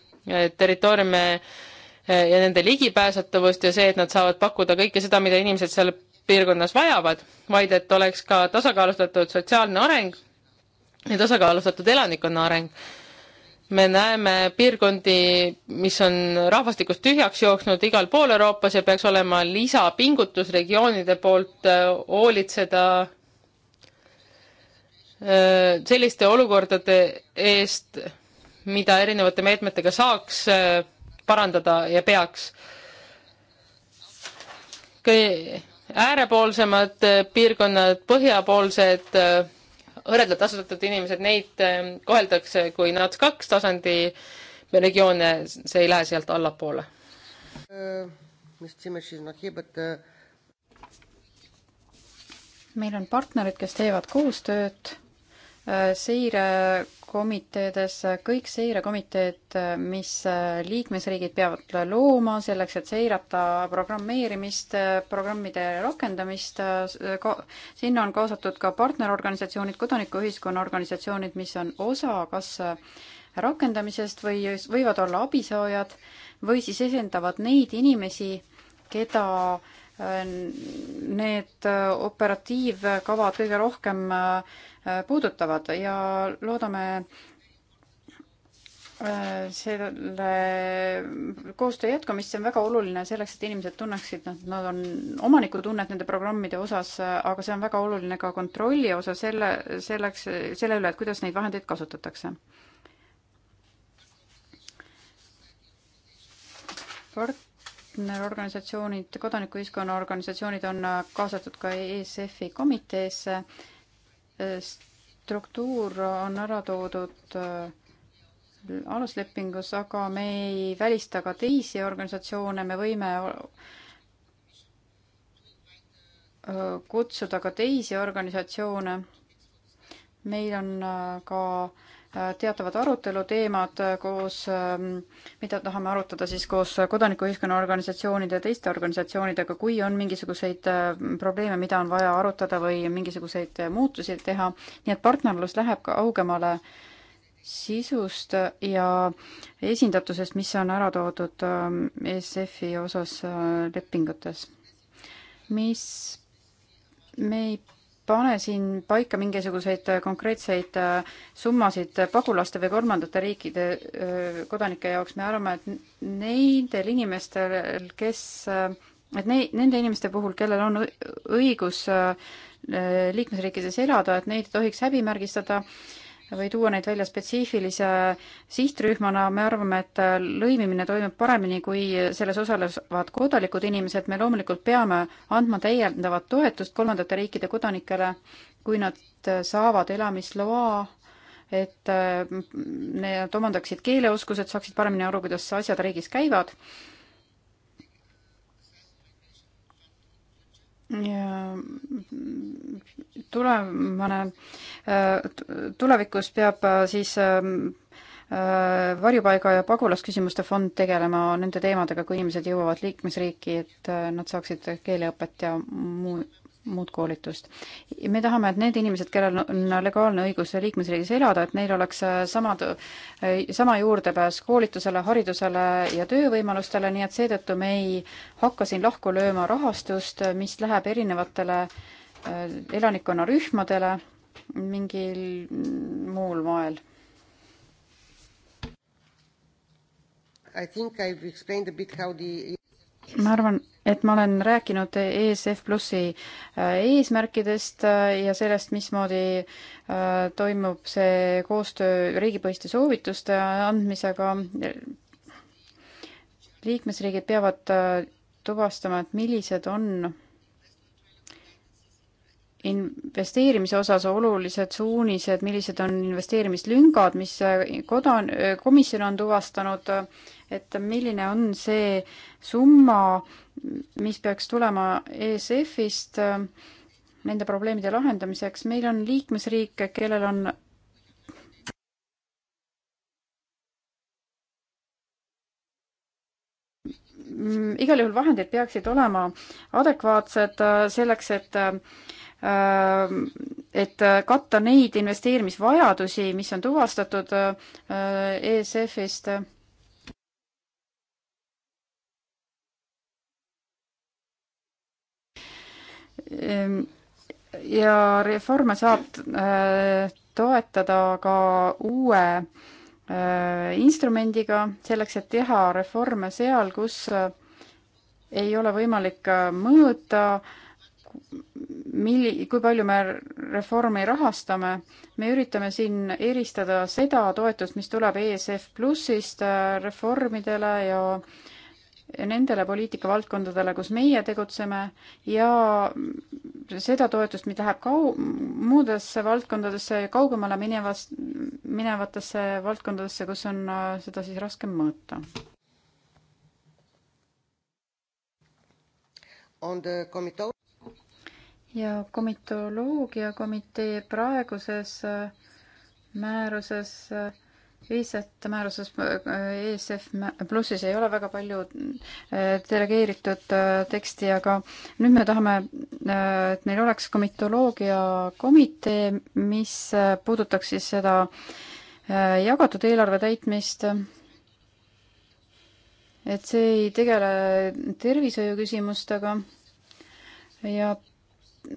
territooriume eh, ja nende ligipääsetavust ja see, et nad saavad pakkuda kõike seda, mida inimesed seal piirkonnas vajavad, vaid et oleks ka tasakaalustatud sotsiaalne areng ja tasakaalustatud elanikkonna areng me näeme piirkondi, mis on rahvastikust tühjaks jooksnud igal pool Euroopas ja peaks olema lisapingutus regioonide poolt äh, hoolitseda äh, selliste olukordade eest, mida erinevate meetmetega saaks äh, parandada ja peaks. äärepoolsemad piirkonnad, põhjapoolsed hõredalt asutatud inimesed, neid ehm, koheldakse kui NATS kaks tasandi regioone, see ei lähe sealt allapoole uh,. meil on partnerid, kes teevad koostööd äh, seire komiteedes, kõik seirekomiteed, mis liikmesriigid peavad looma selleks, et seirata programmeerimist, programmide rakendamist, sinna on kaasatud ka partnerorganisatsioonid, kodanikuühiskonna organisatsioonid, mis on osa kas rakendamisest või võivad olla abisaajad või siis esindavad neid inimesi, keda äh, need äh, operatiivkavad kõige rohkem äh, puudutavad ja loodame äh, selle koostöö jätkumist, see on väga oluline selleks, et inimesed tunneksid, et nad on omanikutunnet nende programmide osas, aga see on väga oluline ka kontrolli osa selle, selleks, selle üle, et kuidas neid vahendeid kasutatakse. part-, partnerorganisatsioonid, kodanikuühiskonna organisatsioonid on äh, kaasatud ka ESF-i komiteesse. Äh, struktuur on ära toodud äh, aluslepingus, aga me ei välista ka teisi organisatsioone, me võime kutsuda ka teisi organisatsioone. meil on ka äh, Äh, teatavad aruteluteemad äh, koos, ähm, mida tahame arutada siis koos kodanikuühiskonna organisatsioonide ja teiste organisatsioonidega, kui on mingisuguseid äh, probleeme, mida on vaja arutada või mingisuguseid muutusi teha, nii et partnerlus läheb kaugemale sisust ja esindatusest, mis on ära toodud ähm, ESF-i osas lepingutes. mis me ei pane siin paika mingisuguseid äh, konkreetseid äh, summasid pagulaste või kolmandate riikide äh, kodanike jaoks, me arvame, et neidel inimestel, kes, et nei-, nende inimeste puhul, kellel on õigus liikmesriikides elada, et neid ei tohiks häbimärgistada äh, või tuua neid välja spetsiifilise sihtrühmana, me arvame, et lõimimine toimub paremini, kui selles osalevad kodanikud inimesed, me loomulikult peame andma täiendavat toetust kolmandate riikide kodanikele, kui nad saavad elamisloa, et mm, need omandaksid keeleoskused, saaksid paremini aru, kuidas asjad riigis käivad tulevane, äh, tulevikus peab äh, siis ähm, äh, varjupaiga ja pagulasküsimuste fond tegelema nende teemadega, kui inimesed jõuavad liikmesriiki, et nad saaksid keeleõpet ja muu muud koolitust. me tahame, et need inimesed, kellel on legaalne õigus liikmesriigis elada, et neil oleks äh, samad, äh, sama juurdepääs koolitusele, haridusele ja töövõimalustele, nii et seetõttu me ei hakka siin lahku lööma rahastust, mis läheb erinevatele äh, elanikkonnarühmadele mingil muul moel. I think I have explained a bit how the ma arvan, et ma olen rääkinud ESF Plussi äh, eesmärkidest äh, ja sellest, mismoodi äh, toimub see koostöö riigipõhiste soovituste andmisega. liikmesriigid peavad tuvastama, et millised on investeerimise osas olulised suunised, millised on investeerimislüngad, mis kodan-, komisjon on tuvastanud äh, et milline on see summa, mis peaks tulema ESF-ist äh, nende probleemide lahendamiseks. meil on liikmesriike, kellel on mm, igal juhul vahendid peaksid olema adekvaatsed äh, selleks, et äh, et katta neid investeerimisvajadusi, mis on tuvastatud ESF-ist Ehm, ja reforme saab äh, toetada ka uue äh, instrumendiga selleks, et teha reforme seal, kus äh, ei ole võimalik mõõta, milli-, kui palju me reformi rahastame, me üritame siin eristada seda toetust, mis tuleb ESF Plussist reformidele ja äh, nendele poliitikavaldkondadele, kus meie tegutseme ja seda toetust, mis läheb kau-, muudesse valdkondadesse, kaugemale minevas, minevatesse valdkondadesse, kus on äh, seda siis raskem mõõta. ja komitoloogia komitee praeguses äh, määruses äh, viisat määruses äh, ESF plussis ei ole väga palju äh, delegeeritud äh, teksti, aga nüüd me tahame, et meil oleks komitoloogia komitee, mis puudutaks siis seda jagatud eelarve täitmist. et see ei tegele tervishoiuküsimustega ja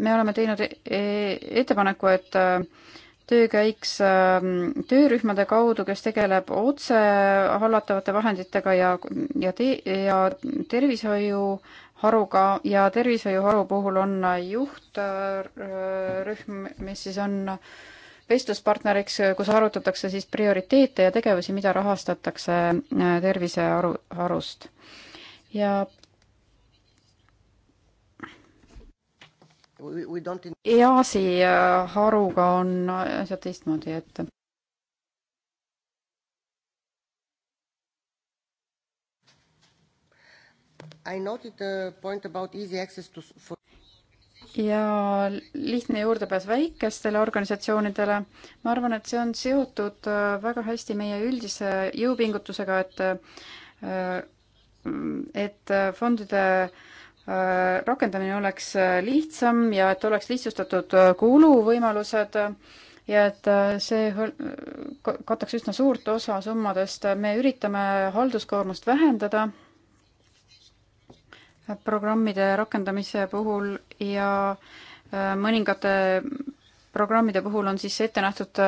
me oleme teinud e-, e-, ettepaneku, et töö käiks ähm, töörühmade kaudu, kes tegeleb otse hallatavate vahenditega ja, ja te-, ja tervishoiuharuga ja tervishoiuharu puhul on juhtrühm, mis siis on vestluspartneriks, kus arutatakse siis prioriteete ja tegevusi, mida rahastatakse äh, terviseharu, harust. ja EAS-i äh, haruga on asjad teistmoodi, et ja lihtne juurdepääs väikestele organisatsioonidele. ma arvan, et see on seotud äh, väga hästi meie üldise jõupingutusega, et äh, et fondide äh, Äh, rakendamine oleks äh, lihtsam ja et oleks lihtsustatud äh, kuluvõimalused ja et see kataks üsna suurt osa summadest. me üritame halduskoormust vähendada programmide rakendamise puhul ja mõningate programmide puhul on siis ette nähtud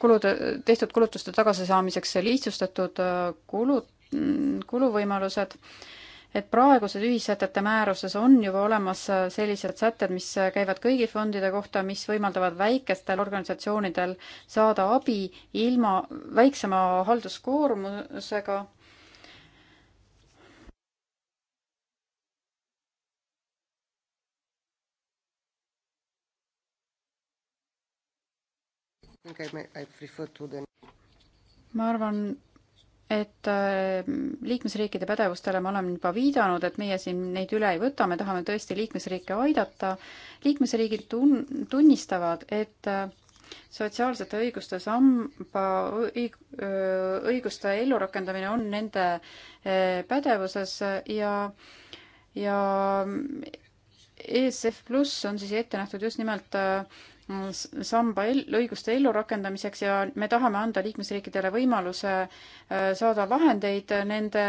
kulude, tehtud kulutuste tagasisaamiseks lihtsustatud kulu, mm, kuluvõimalused et praeguses ühissätete määruses on juba olemas äh, sellised sätted, mis äh, käivad kõigi fondide kohta, mis võimaldavad väikestel organisatsioonidel saada abi ilma väiksema halduskoormusega ma arvan, et äh, liikmesriikide pädevustele ma olen juba viidanud, et meie siin neid üle ei võta, me tahame tõesti liikmesriike aidata. liikmesriigid tun-, tunnistavad, et äh, sotsiaalsete õiguste samba õig-, äh, õiguste ellurakendamine on nende pädevuses ja, ja ESF pluss on siis ette nähtud just nimelt äh, samba el-, õiguste ellurakendamiseks ja me tahame anda liikmesriikidele võimaluse äh, saada vahendeid nende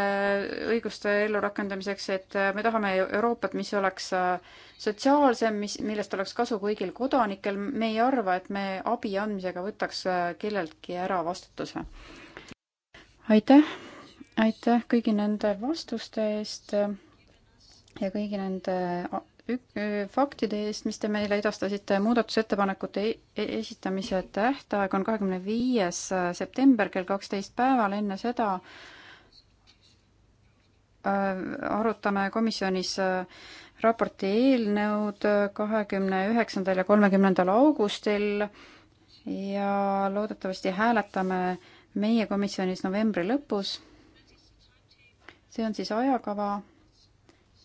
õiguste ellurakendamiseks, et äh, me tahame Euroopat, mis oleks äh, sotsiaalsem, mis, millest oleks kasu kõigil kodanikel, me ei arva, et me abi andmisega võtaks kelleltki ära vastutuse. aitäh, aitäh kõigi nende vastuste eest ja kõigi nende faktide eest, mis te meile edastasite. muudatusettepanekute e-, e-, esitamise tähtaeg on kahekümne viies september kell kaksteist päeval. enne seda äh, arutame komisjonis äh, raporti eelnõud kahekümne üheksandal ja kolmekümnendal augustil ja loodetavasti hääletame meie komisjonis novembri lõpus. see on siis ajakava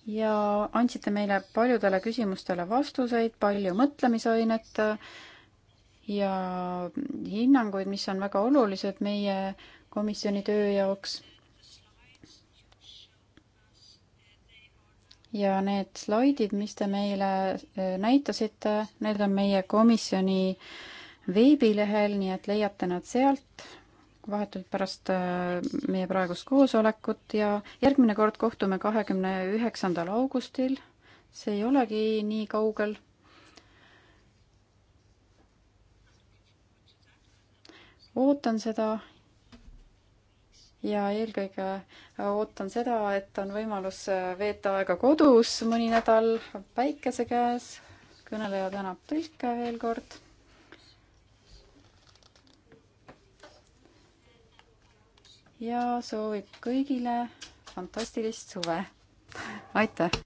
ja andsite meile paljudele küsimustele vastuseid, palju mõtlemisainet ja hinnanguid, mis on väga olulised meie komisjoni töö jaoks. ja need slaidid, mis te meile eh, näitasite, need on meie komisjoni veebilehel, nii et leiate nad sealt vahetult pärast äh, meie praegust koosolekut ja järgmine kord kohtume kahekümne üheksandal augustil. see ei olegi nii kaugel. ootan seda ja eelkõige ootan seda, et on võimalus äh, veeta aega kodus mõni nädal päikese käes. kõneleja tänab tõlke veel kord ja soovib kõigile fantastilist suve. aitäh!